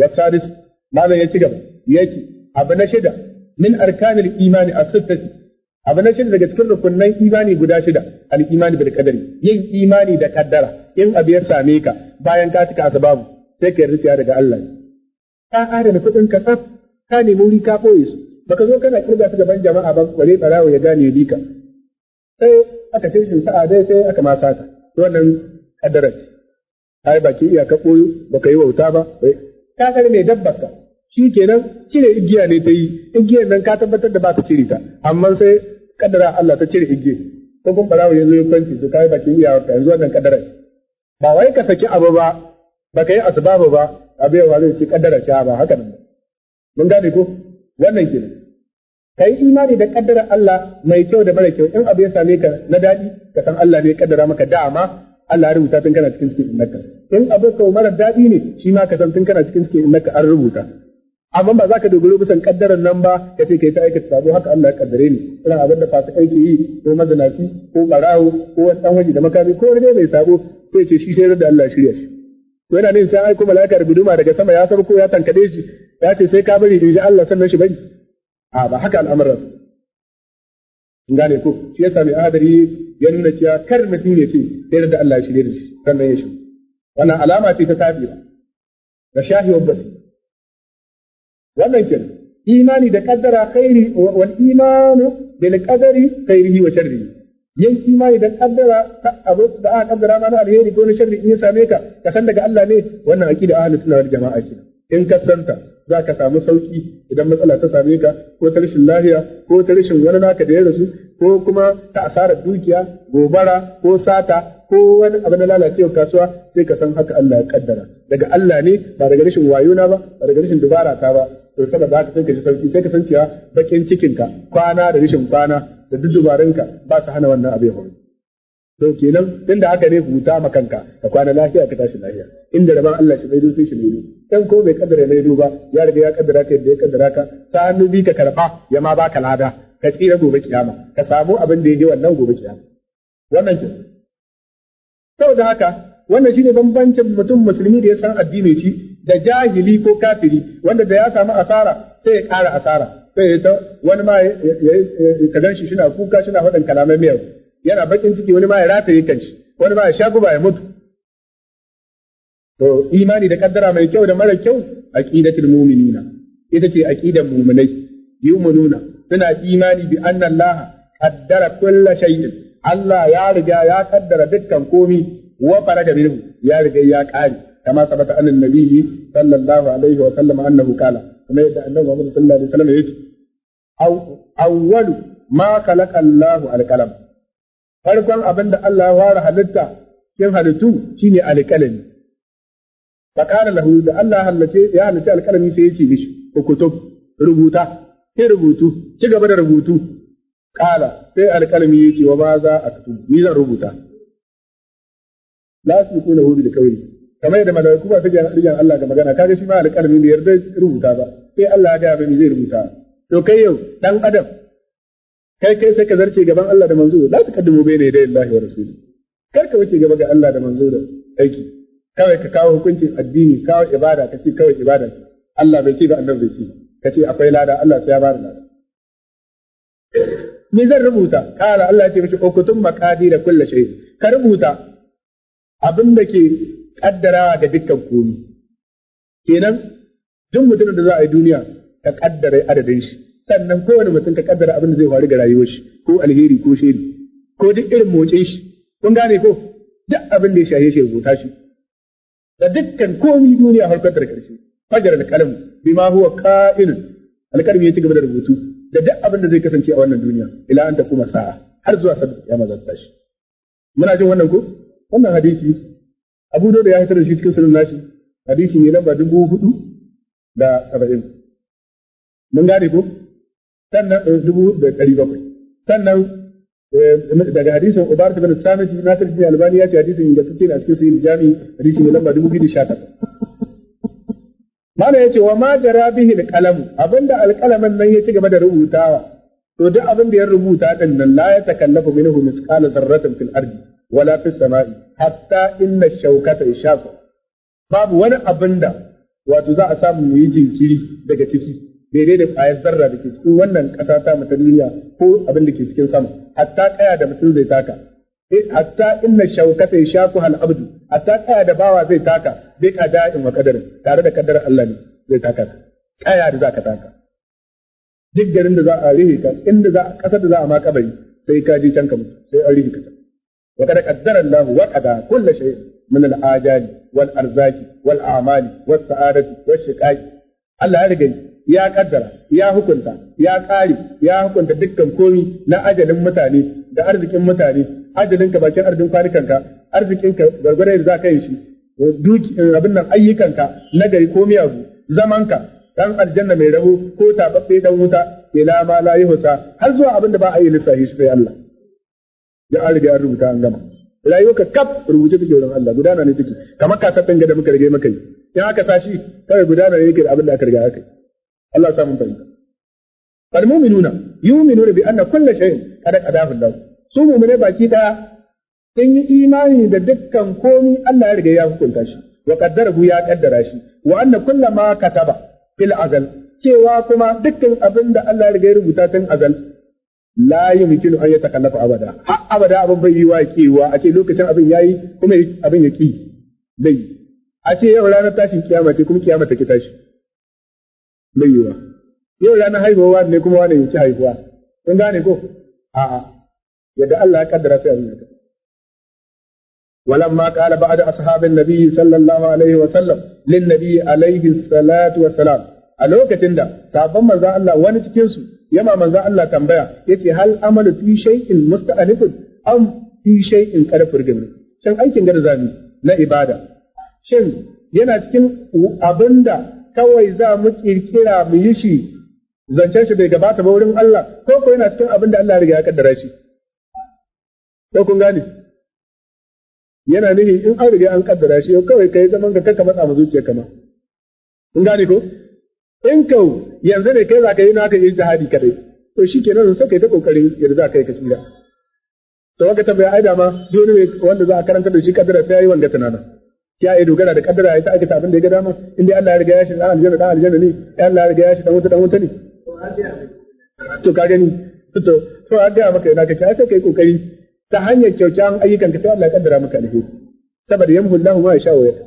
wasadis malam ya ci gaba yake abu na shida min arkanil imani as-sittati abu na shida daga cikin rukunnan imani guda shida al-imani bil qadari yin imani da kaddara in abu ya same ka bayan ka cika babu, sai ka yarda daga Allah ka adana kuɗin ka tsaf ka nemi wuri ka boye su baka zo kana kirga su gaban jama'a ba bare barawo ya gane ya bika sai aka ce shi sa'a dai sai aka ma To wannan kadarar ai baki iya ka koyo baka yi wauta ba eh. ka san me dabbar ka shi kenan cire igiya ne ta yi igiyar nan ka tabbatar da ba ka cire ta amma sai kadara Allah ta cire igiyar ko kun barawo ya zo ya kwanci to kai baki iya ka yanzu wannan kadarar ba wai ka saki abu ba baka yi asbabu ba abu yawa zai ce kadara ta ba haka nan mun gane ko wannan kenan Ka yi imani da kaddarar Allah mai kyau da mara kyau in abu ya same ka na daɗi ka san Allah ne ya kaddara maka dama Allah ya rubuta tun kana cikin cikin innaka in abu ka mara daɗi ne shi ma ka san tun kana cikin cikin innaka an rubuta amma ba za ka dogaro bisan kaddaran nan ba ka ce kai ta aikata sabo haka Allah ya kaddare ni ina abin da fasu aiki yi ko mazanafi ko barawo ko wani dan waje da makami ko wani mai sabo sai ce shi sai da Allah shirya shi to yana nan sai aiko mala'ika da guduma daga sama ya sarko ya tankade shi ya ce sai ka bari in ji Allah sannan shi bari a ba haka al'amuran in gane ko shi ya mai adari ya nuna cewa kar mutum ya ce sai da Allah ya shirye da shi sannan ya shirye wannan alama ce ta tabi'a da shahiyar basi wannan kenan imani da kaddara khairi wal imanu da qadari khairihi wa sharrihi yin imani da kaddara abu da aka kaddara mana alheri ko na sharri in ya same ka ka san daga Allah ne wannan aqida ahlus sunna wal jama'a ce in ka santa za ka samu sauki idan matsala ta same ka ko ta rashin lafiya ko ta rashin wani naka da ya rasu ko kuma ta asarar dukiya gobara ko sata ko wani abu na lalacewar kasuwa sai ka san haka Allah ya kaddara daga Allah ne ba daga rashin wayona ba ba daga rashin dubara ta ba to saboda haka sai ka ji sauki sai ka san cewa bakin cikin ka kwana da rashin kwana da ka ba su hana wannan abu ya faru to kenan tunda aka ne huta ma kanka ka kwana lafiya ka tashi lafiya inda rabar Allah shi maido sai shi maido dan ko bai kaddara mai ba ya riga ya kaddara ka yadda ya kaddara ka ta hannu bi ka karba ya ma baka lada ka tsira gobe kiyama ka samu abin da ya wannan gobe kiyama wannan ke saboda haka wannan shine bambancin mutum musulmi da ya san addini shi da jahili ko kafiri wanda da ya samu asara sai ya kara asara sai ya ta wani ma ya ka gan shi shina kuka shina faɗin kalamai mai yana bakin ciki wani ma ya rataye kanshi wani ma ya sha guba ya mutu to imani da kaddara mai kyau da mara kyau aqidatul mu'minina ita ce aqidan mu'minai yu'minuna suna imani bi anna Allah qaddara kulla shay'in Allah ya riga ya kaddara dukkan komi wa faraga minhu ya riga ya kare kama sabata annan nabiyyi sallallahu alaihi wa sallam annahu kala kuma yadda annabi Muhammad sallallahu alaihi wa sallam yake awwalu ma khalaqa Allahu al-qalam farkon abin da Allah ya fara halitta cikin halittu shine alƙalami fakara lahu da Allah ya halice alƙalami sai ya ce mishi ukutub rubuta sai rubutu ci gaba da rubutu kala sai alƙalami ya ce wa ba za a kutu ni zan rubuta la su kuna hudu da kawai kamar yadda malaiku ba su jan Allah ga magana kaga shi ma alƙalami da yarda rubuta ba sai Allah ya ga ni zai rubuta to kai yau dan adam kai kai sai ka zarce gaban Allah da manzo la kaddamu bayna yaday Allah wa rasuli kar ka wuce gaba ga Allah da manzo da aiki kawai ka kawo hukuncin addini kawo ibada ka ce kawai ibada Allah bai ce ba annabi bai ce ka ce akwai lada Allah sai ya ba da lada me zan rubuta kala Allah ya ce mishi ukutun maqadira kullu shay ka rubuta abin da ke kaddarawa da dukkan komai kenan duk mutumin da za a yi duniya ka kaddare adadin shi sannan kowane mutum ka kaddara abin da zai faru ga rayuwar shi ko alheri ko shiri ko duk irin motsin shi kun gane ko duk abin da ya shaye shi rubuta shi da dukkan komai duniya harkar da karshe fajar alqalam bima huwa qa'il alqalami ya ci gaba da rubutu da duk abin da zai kasance a wannan duniya ila an ta kuma sa'a har zuwa sabbi kiyama za ta tashi muna jin wannan ko wannan hadisi Abu Dawud ya fitar da shi cikin sunan nashi hadisi ne lamba dubu hudu da saba'in mun gane ko sannan eh, dubu da ɗari bakwai sannan eh, daga hadisin Ubar bin Samit bin Nasir bin Albani ya ce hadisin ingantacce ne a cikin sahih Jami hadisi da lamba takwas. Mala ya ce wa ma jara bihi alqalam abinda alqalamin nan ya ci gaba da rubutawa to duk abin da ya rubuta din nan la ya takallafu minhu misqala dharratin fil ardi wala fis sama'i hatta inna ash-shawkata ishafa babu wani abinda wato za a samu yi jinkiri daga ciki daidai da kayan zarra da ke cikin wannan ƙasa ta mu duniya ko abin da ke cikin sama hatta kaya da mutum zai taka eh, hatta inna shaukata yashaku hal abdu hatta kaya da bawa zai taka bi qada'in wa qadarin tare da kaddar Allah ne zai taka kaya da zaka taka duk garin da za a rihi ka inda za kasar da za a ma kabari sai ka ji can ka mutu sai an rihi ka wa qad qaddara Allah wa qada kullu shay'in min al ajali wal arzaki wal a'mali was sa'adati wasu shiqaqi Allah ya riga ya kaddara ya hukunta ya kare ya hukunta dukkan komi na ajalin mutane da arzikin mutane ajalin ka bakin arzikin ka, arzikin ka gargware da za ka yi shi duk abin nan ayyukanka na gari ko zaman zamanka dan aljanna mai rabo ko tababbe dan wuta ila ma la yuhsa har zuwa abin da ba a yi lissafi shi sai Allah ya an riga an rubuta an gama rayuwarka kaf rubuce take wurin Allah gudana ne take kamar kasafin ga da muka rige maka yi in aka sashi kai gudana ne yake da abin da aka riga aka yi Allah samun fahimta fal mu'minuna yu'minuna bi anna kulli shay'in qad qadahu Allah su mu'mine baki da sun yi imani da dukkan komai Allah ya riga ya hukunta shi wa qaddarahu ya qaddara shi wa anna kulla ma kataba fil azal cewa kuma dukkan abin da Allah ya riga ya rubuta tun azal la yumkinu an yatakallafa abada ha abada abin bai yi wakewa a ce lokacin abin yayi kuma abin ya ki bai a ce yau ranar tashin kiyama ce kuma kiyama take tashi bai yau yau ranar haihuwa ne kuma wani ya ci haihuwa kun gane ko a'a yadda Allah ya kaddara sai abin ya ba'da ashabin بعد sallallahu alaihi wa sallam lin وسلم alaihi salatu wa salam a lokacin da sabon manzo Allah wani cikin su yama manzo Allah tambaya yace hal amalu fi shay'in musta'anifun am fi shay'in qarfur shin aikin gada na ibada shin yana cikin abinda kawai za mu kirkira mu yi shi zancen shi bai gabata ba wurin Allah ko ko yana cikin abin da Allah ya riga ya kaddara shi ko kun gane yana nuni in an riga an kaddara shi kawai kai zaman ka kaka matsa mu zuciya kama kun gane ko in kau yanzu ne kai za ka yi naka ijtihadi kadai to shikenan sai kai ta kokarin yadda za ka yi ka tsira to wanda ta ai aida ma dole wanda za a karanta da shi kaddara sai yayi wanda tunanin ya yi dogara da kaddara ya ta aikata abin da ya ga dama in dai Allah ya riga ya shi dan aljanna dan aljanna ne Ya Allah ya riga ya shi dan wuta dan wuta ne to ka gani to to an ga maka yana kake sai kai kokari ta hanyar kyaukyawan ayyukan ka sai Allah ya kaddara maka alheri saboda yamhu Allah ma ya sha wa yaka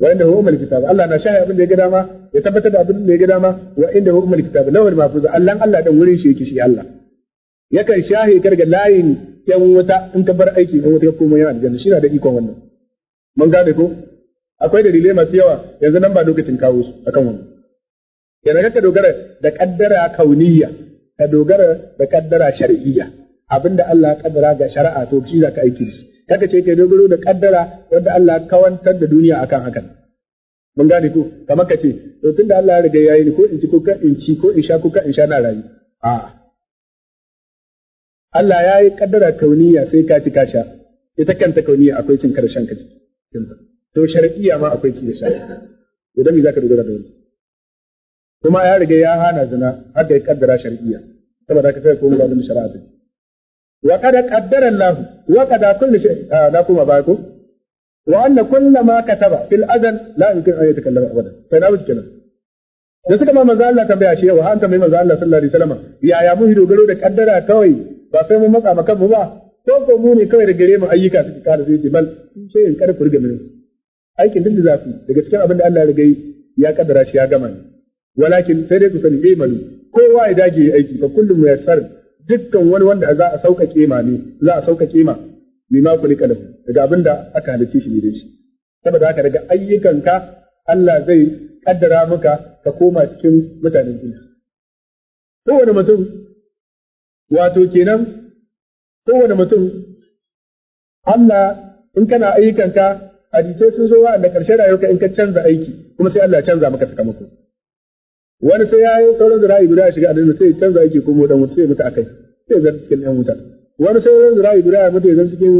wa inda huwa umul kitab Allah na shahi abin da ya ga dama ya tabbatar da abin da ya ga dama wa inda huwa umul kitab lawal mahfuz Allah Allah dan wurin shi yake shi Allah yakan shahi karga layin yan wuta in ka bar aiki in wuta ka koma yana aljanna shi na da ikon wannan mun gane ko akwai dalilai masu yawa yanzu nan ba lokacin kawo su akan wannan kenan ka dogara da kaddara kauniyya ka dogara da kaddara shar'iyya abinda Allah ya kaddara ga shari'a to shi zaka aiki shi kaka ce kai dogaro da kaddara wanda Allah ya kawantar da duniya akan hakan mun gane ko kamar ka ce to tunda Allah ya riga yayi ni ko in ci ko ka in ci ko in sha ko ka in sha na rayu a'a Allah ya yi kaddara kauniya sai ka ci kasha ita kanta kauniya akwai cin karshen kaci to shar'iyya ma akwai ci da sha idan me zaka dogara da wani kuma ya riga ya hana zina da ya kaddara shar'iyya saboda haka kai kuma babin shari'a ta wa kad qaddara Allah wa kad kullu shay na kuma ba ko wa anna kullu ma kataba fil adan la yumkin an yatakallama abada. sai na wuce kenan da suka ma manzo Allah tambaya shi wa an mai manzo Allah sallallahu alaihi wasallam yaya mun hiddo-garo da kaddara kawai ba sai mun matsa maka ba ko ko mu ne kawai da gare mu ayyuka suke kara zai bal sai in karfur ga mun aikin duk da daga cikin abin da Allah ya gai ya kaddara shi ya gama ne walakin sai dai ku sani dai malu kowa ya dage aiki fa kullum mai sar dukkan wani wanda za a sauƙaƙe ma ne za a sauƙaƙe ma bima ku lika daga abin da aka halicce shi ne dai shi saboda haka daga ayyukan ka, Allah zai kaddara maka ka koma cikin mutanen duniya kowane mutum wato kenan kowane mutum Allah in kana ayyukanka hadisai sun zo wa ƙarshen rayuwarka in ka canza aiki kuma sai Allah ya canza maka sakamako wani sai ya yi sauran zira'i guda ya shiga aljanna sai ya canza aiki kuma dan wuta sai mutu akai sai ya zama cikin yan wuta wani sai sauran zira'i guda ya mutu ya zama cikin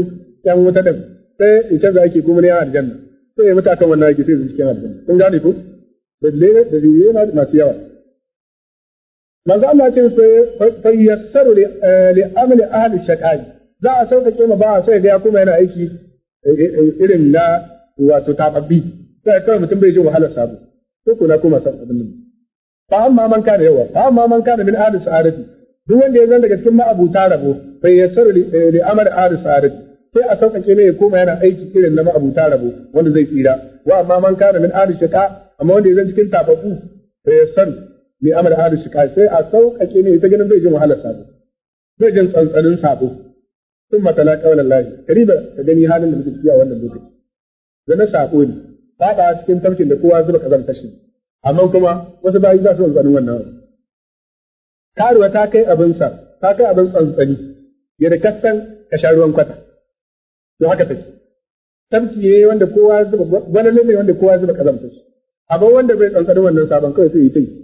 yan wuta din sai ya canza aiki kuma ne ya aljanna sai ya mutu kan wannan aiki sai ya zama cikin aljanna kun gane ko da dalilai masu yawa manzo Allah ce fa yassaru eh, li amali ahli shaqai za a sauƙaƙe ma ba sai ya kuma yana aiki eh, eh, irin na wato tababbi sai kawai mutum bai ji wahalar sabu ko kuna kuma san abin nan fa amma man kana yawa fa amma man kana min ahli sa'adati duk wanda ya zan daga cikin ma'abuta rabo fa yassaru li amali ahli sa'adati sai a sauƙaƙe mai koma yana aiki irin na ma'abuta rabo wanda zai tsira wa amma man kana min ahli shaqa amma wanda ya zan cikin tababbu fa yassaru li amr ahli shiqa sai a sauƙaƙe ne ta ganin bai jin wahalar sabo bai jin tsantsanin sabo sun matala kaulan lahi kariba ka gani halin da muke ciki a wannan lokaci zana na sabo ne faɗa cikin tafkin da kowa zuba kazantar tashi amma kuma wasu bayi za su tsantsanin wannan wani karuwa ta kai abin sa ta kai abin tsantsani ya da ka sha ruwan kwata to haka take tafki ne wanda kowa zuba gwanan ne wanda kowa zuba kazantar shi amma wanda bai tsantsanin wannan sabon kawai sai yi ta yi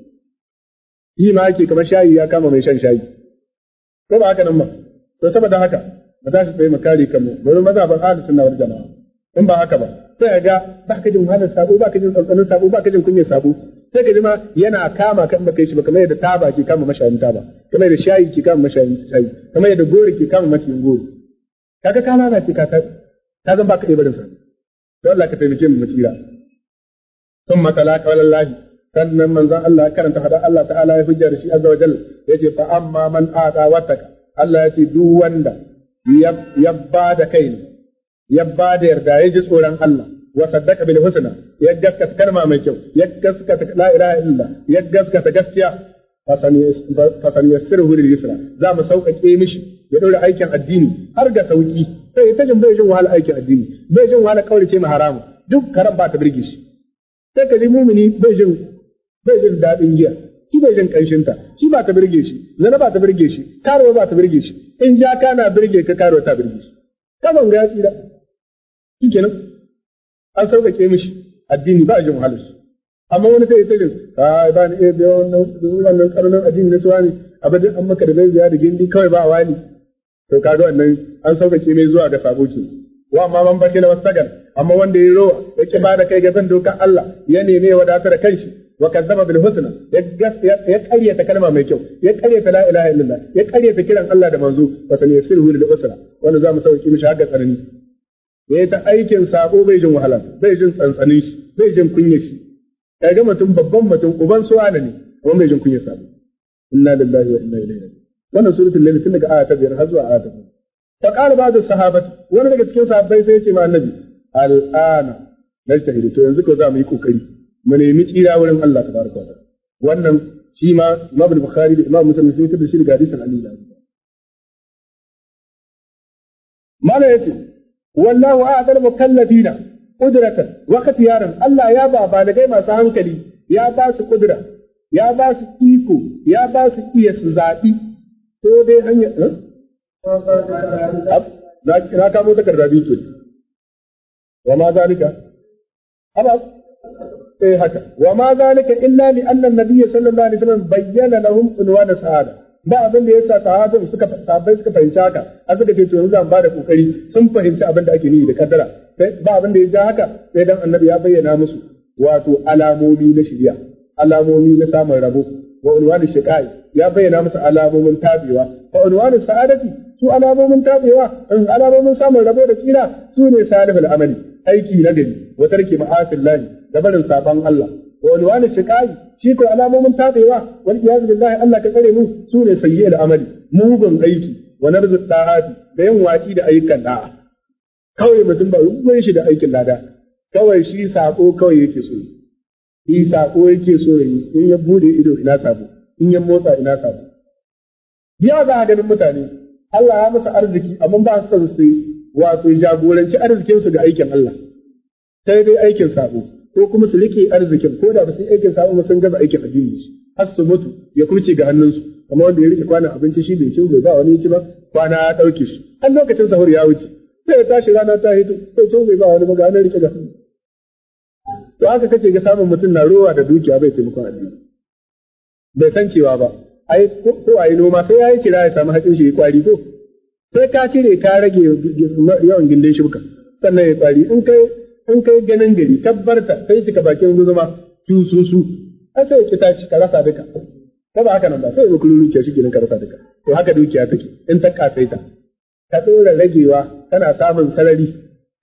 yi ma ake kamar shayi ya kama mai shan shayi ko ba haka nan ba to saboda haka ba za su tsaye mu kare kanmu domin maza ban ahli sunna wal jama'a in ba haka ba sai ga ba ka jin wahalar sabo ba ka jin tsantsanin sabo ba ka jin kunyar sabo sai ka ji ma yana kama kan kai shi ba kamar yadda taba ke kama mashayin taba kamar yadda shayi ke kama mashayin shayi kamar yadda gori ke kama mashayin gori kaga ka lalace ka ta zan ba ka iya barin sa to Allah ka taimake mu mu tsira sun matala kawalan sannan manzon Allah ya karanta hada Allah ta'ala ya hujjar shi azza wajal yace fa amma man ata wataka Allah yace duk wanda ya bada kai ne. ya bada yarda ya ji tsoron Allah wa saddaka bil husna ya gaskata kalma mai kyau ya gaskata la ilaha illa ya gaskata gaskiya fa san yassiru lil yusra za mu sauƙaƙe mishi ya ɗaura aikin addini har ga sauƙi sai ta jin bai jin wahala aikin addini bai jin wahala kaurace ma haramu duk karan ba ta birge shi sai ka ji mumini bai jin bai jin daɗin giya shi bai jin ƙanshin ta shi ba ta birge shi zana ba ta birge shi karuwa ba ta birge shi in ja kana birge ka karuwa ta birge shi kazan ga ya tsira shi kenan an sauƙaƙe mishi addini ba a jin wahalar shi amma wani sai ya jin ai ba ni iya biya wannan tsananin addini na suwa ne abadin an maka da zai da gindi kawai ba wani to kaga wannan an sauƙaƙe mai zuwa ga sabo kenan wa amma man na wasu amma wanda ya rowa ya ba bada kai ga zan dokar Allah ya neme wadatar kanshi wa kazzaba bil husna ya karyata kalma mai kyau ya karyata la ilaha illallah ya karyata kiran Allah da manzo wa san yasiruhu lil usra wannan zamu sauki mishi haka tsanani yayi ta aikin sako bai jin wahala bai jin tsantsanin shi bai jin kunyar shi kaga mutum babban mutum uban suwana ne kuma bai jin kunyar sako inna lillahi wa inna ilaihi raji'un wannan suratul lail tun daga aya ta biyar har zuwa aya ta biyar fa qala ba'd as-sahabat wani daga cikin sahabbai sai ya ce ma annabi al'ana najtahidu to yanzu ko za mu yi kokari mu nemi tsira wurin Allah ta baraka wa wannan shi ma Imam Bukhari da Imam Muslim sun tabbata da shi daga hadisin Ali da Mala yace wallahu a'dal mukallafina qudratan wa khatiyaran Allah ya ba balagai masu hankali ya ba su kudura ya ba su iko ya ba su iya su zaɓi ko dai hanyar eh? na kamo takarda biyu ke wa ma zalika sai eh, haka wa ma zalika illa li anna an sallallahu alaihi wasallam bayyana lahum unwan sa'ada ba abin da yasa sahabbai suka sahabbai suka fahimci haka an suka ce to yanzu zan ba da kokari sun fahimci abin da ake nufi da kaddara sai ba abin da ya ja haka sai dan annabi ya bayyana musu wato alamomi na shari'a alamomi na samun rabo wa unwan shiqai ya bayyana musu alamomin tabewa fa unwan sa'adati su alamomin tabewa in alamomin samun rabo da tsira su ne salihul amali aiki na gari wa tarki ma'asillahi da barin saban Allah wa walwalin shiqai shi ko alamomin tabewa wal iyaz billahi Allah ka tsare mu su ne sayyil amali mugun aiki wa narzu ta'ati da yin wati da ayyukan da'a kawai mutum ba rubuce shi da aikin lada kawai shi sako kawai yake so shi sako yake so yi in ya bude ido ina sabo in ya motsa ina sabo biya za a ganin mutane Allah ya masa arziki amma ba su su wato jagoranci arzikin su ga aikin Allah sai dai aikin sabo ko kuma su rike arzikin ko da ba su aikin sabo ba sun gaza aikin addini har su mutu ya kuce ga hannunsu amma wanda ya rike kwanan abinci shi bai ci bai ba wani ci ba kwana ya dauke shi an lokacin sahur ya wuce sai ya tashi rana ta hito sai ci bai ba wani ba ga hannun rike ga to haka kake ga samun mutum na rowa da dukiya bai taimakon addini bai san cewa ba ai ko ai noma sai ya yi kira ya samu hatsin shi ya kwari ko sai ka cire ka rage yawan gindin shuka sannan ya kwari in kai in ganin gari tabbarta sai cika bakin guzuma su su su sai ki ka rasa duka ko ba haka nan ba sai ku luluce shi gidan ka rasa duka to haka dukiya take in ta kasaita ka dora ragewa kana samun sarari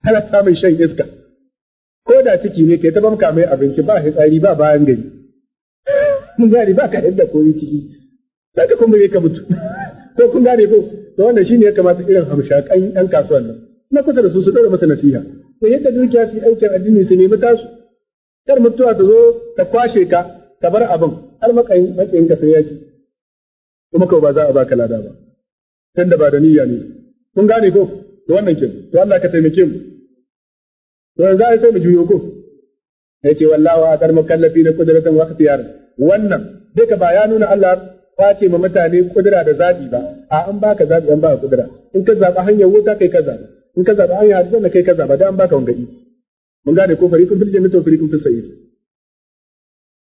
kana samun shan iska ko da ciki ne kai ta bamka mai abinci ba fitsari ba bayan gari mun gari ba ka yadda koyi ciki sai ka kumbure ka mutu ko kun gane ko to wannan shine ya kamata irin hamshakan yan kasuwan nan na kusa da su su dora masa nasiha to yadda dukiya su aikin addini su nemi tasu kar mutuwa ta zo ta kwashe ka ta bar abin har matsayin matsayin ka sai ya ci kuma ko ba za a baka lada ba da ba da niyya ne kun gane ko to wannan kin to Allah ka taimake mu to yanzu ai sai mu juyo ko ce wallahi wa akar makallafi na qudratan wa ikhtiyar wannan duka ba ya nuna Allah kwace ma mutane kudura da zabi ba a an baka zabi an baka kudura in ka zaba hanyar wuta kai ka zaba in ka zaba hanyar aljanna kai ka zaba da an baka wangadi mun gane ko fari fariqun fil to fari kun fi sa'ir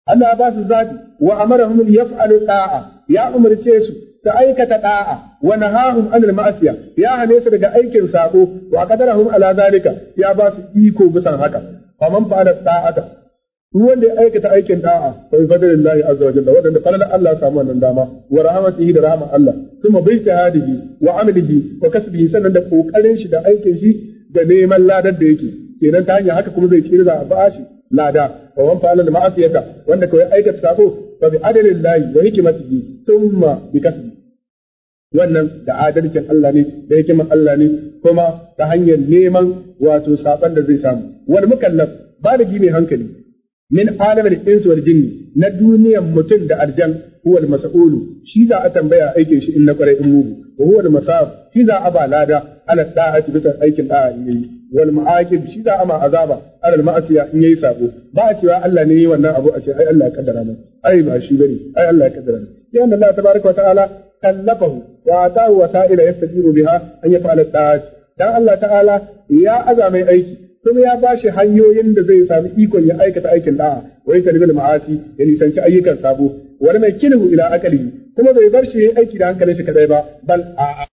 Allah ba su zabi wa amarahum yaf'alu ta'a ya umarce su ta aikata da'a wa nahahum anil ma'asiya ya hane su daga aikin sako wa qadarahum ala zalika ya ba su iko bisan haka faman fa'ala ta'ata duk wanda ya aikata aikin da'a fa bi fadlillahi azza wa jalla wadanda fadlan Allah samu wannan dama wa rahmatihi da rahman Allah kuma bi shahadihi wa amalihi wa kasbihi sannan da kokarin shi da aikin shi da neman ladar da yake kenan ta hanyar haka kuma zai za a bashi lada wa man fa'ala ma'asiyata wanda kawai aikata sako fa bi adalillahi wa hikmatihi thumma bi kasbi wannan da adalcin Allah ne da hikiman Allah ne kuma ta hanyar neman wato sabon da zai samu wal mukallaf da gine hankali min alamar insu wal jinni na duniyan mutum da arjan huwa masa'ulu shi za a tambaya aikin shi in na kwarai in mugu wa huwa masaf shi za a ba lada ala da'ati bisa aikin da'a in yayi wal ma'aqib shi za a ma azaba ala ma'asiya in yayi sabo ba a cewa Allah ne yi wannan abu a ce ai Allah ya kaddara mu ai ba shi bane ai Allah ya kaddara mu ya Allah tabaaraka wa ta'ala kallafahu wa ata'u wasa'ila yastajibu biha an yaf'ala da'ati dan Allah ta'ala ya azamai aiki kuma ya ba shi hanyoyin da zai sami ikon ya aikata aikin da'a wai talibil ma'asi ya nisanci ayyukan sabo wani mai kilihu ila akali kuma bai bar shi yi aiki da hankalin shi kadai ba bal a'a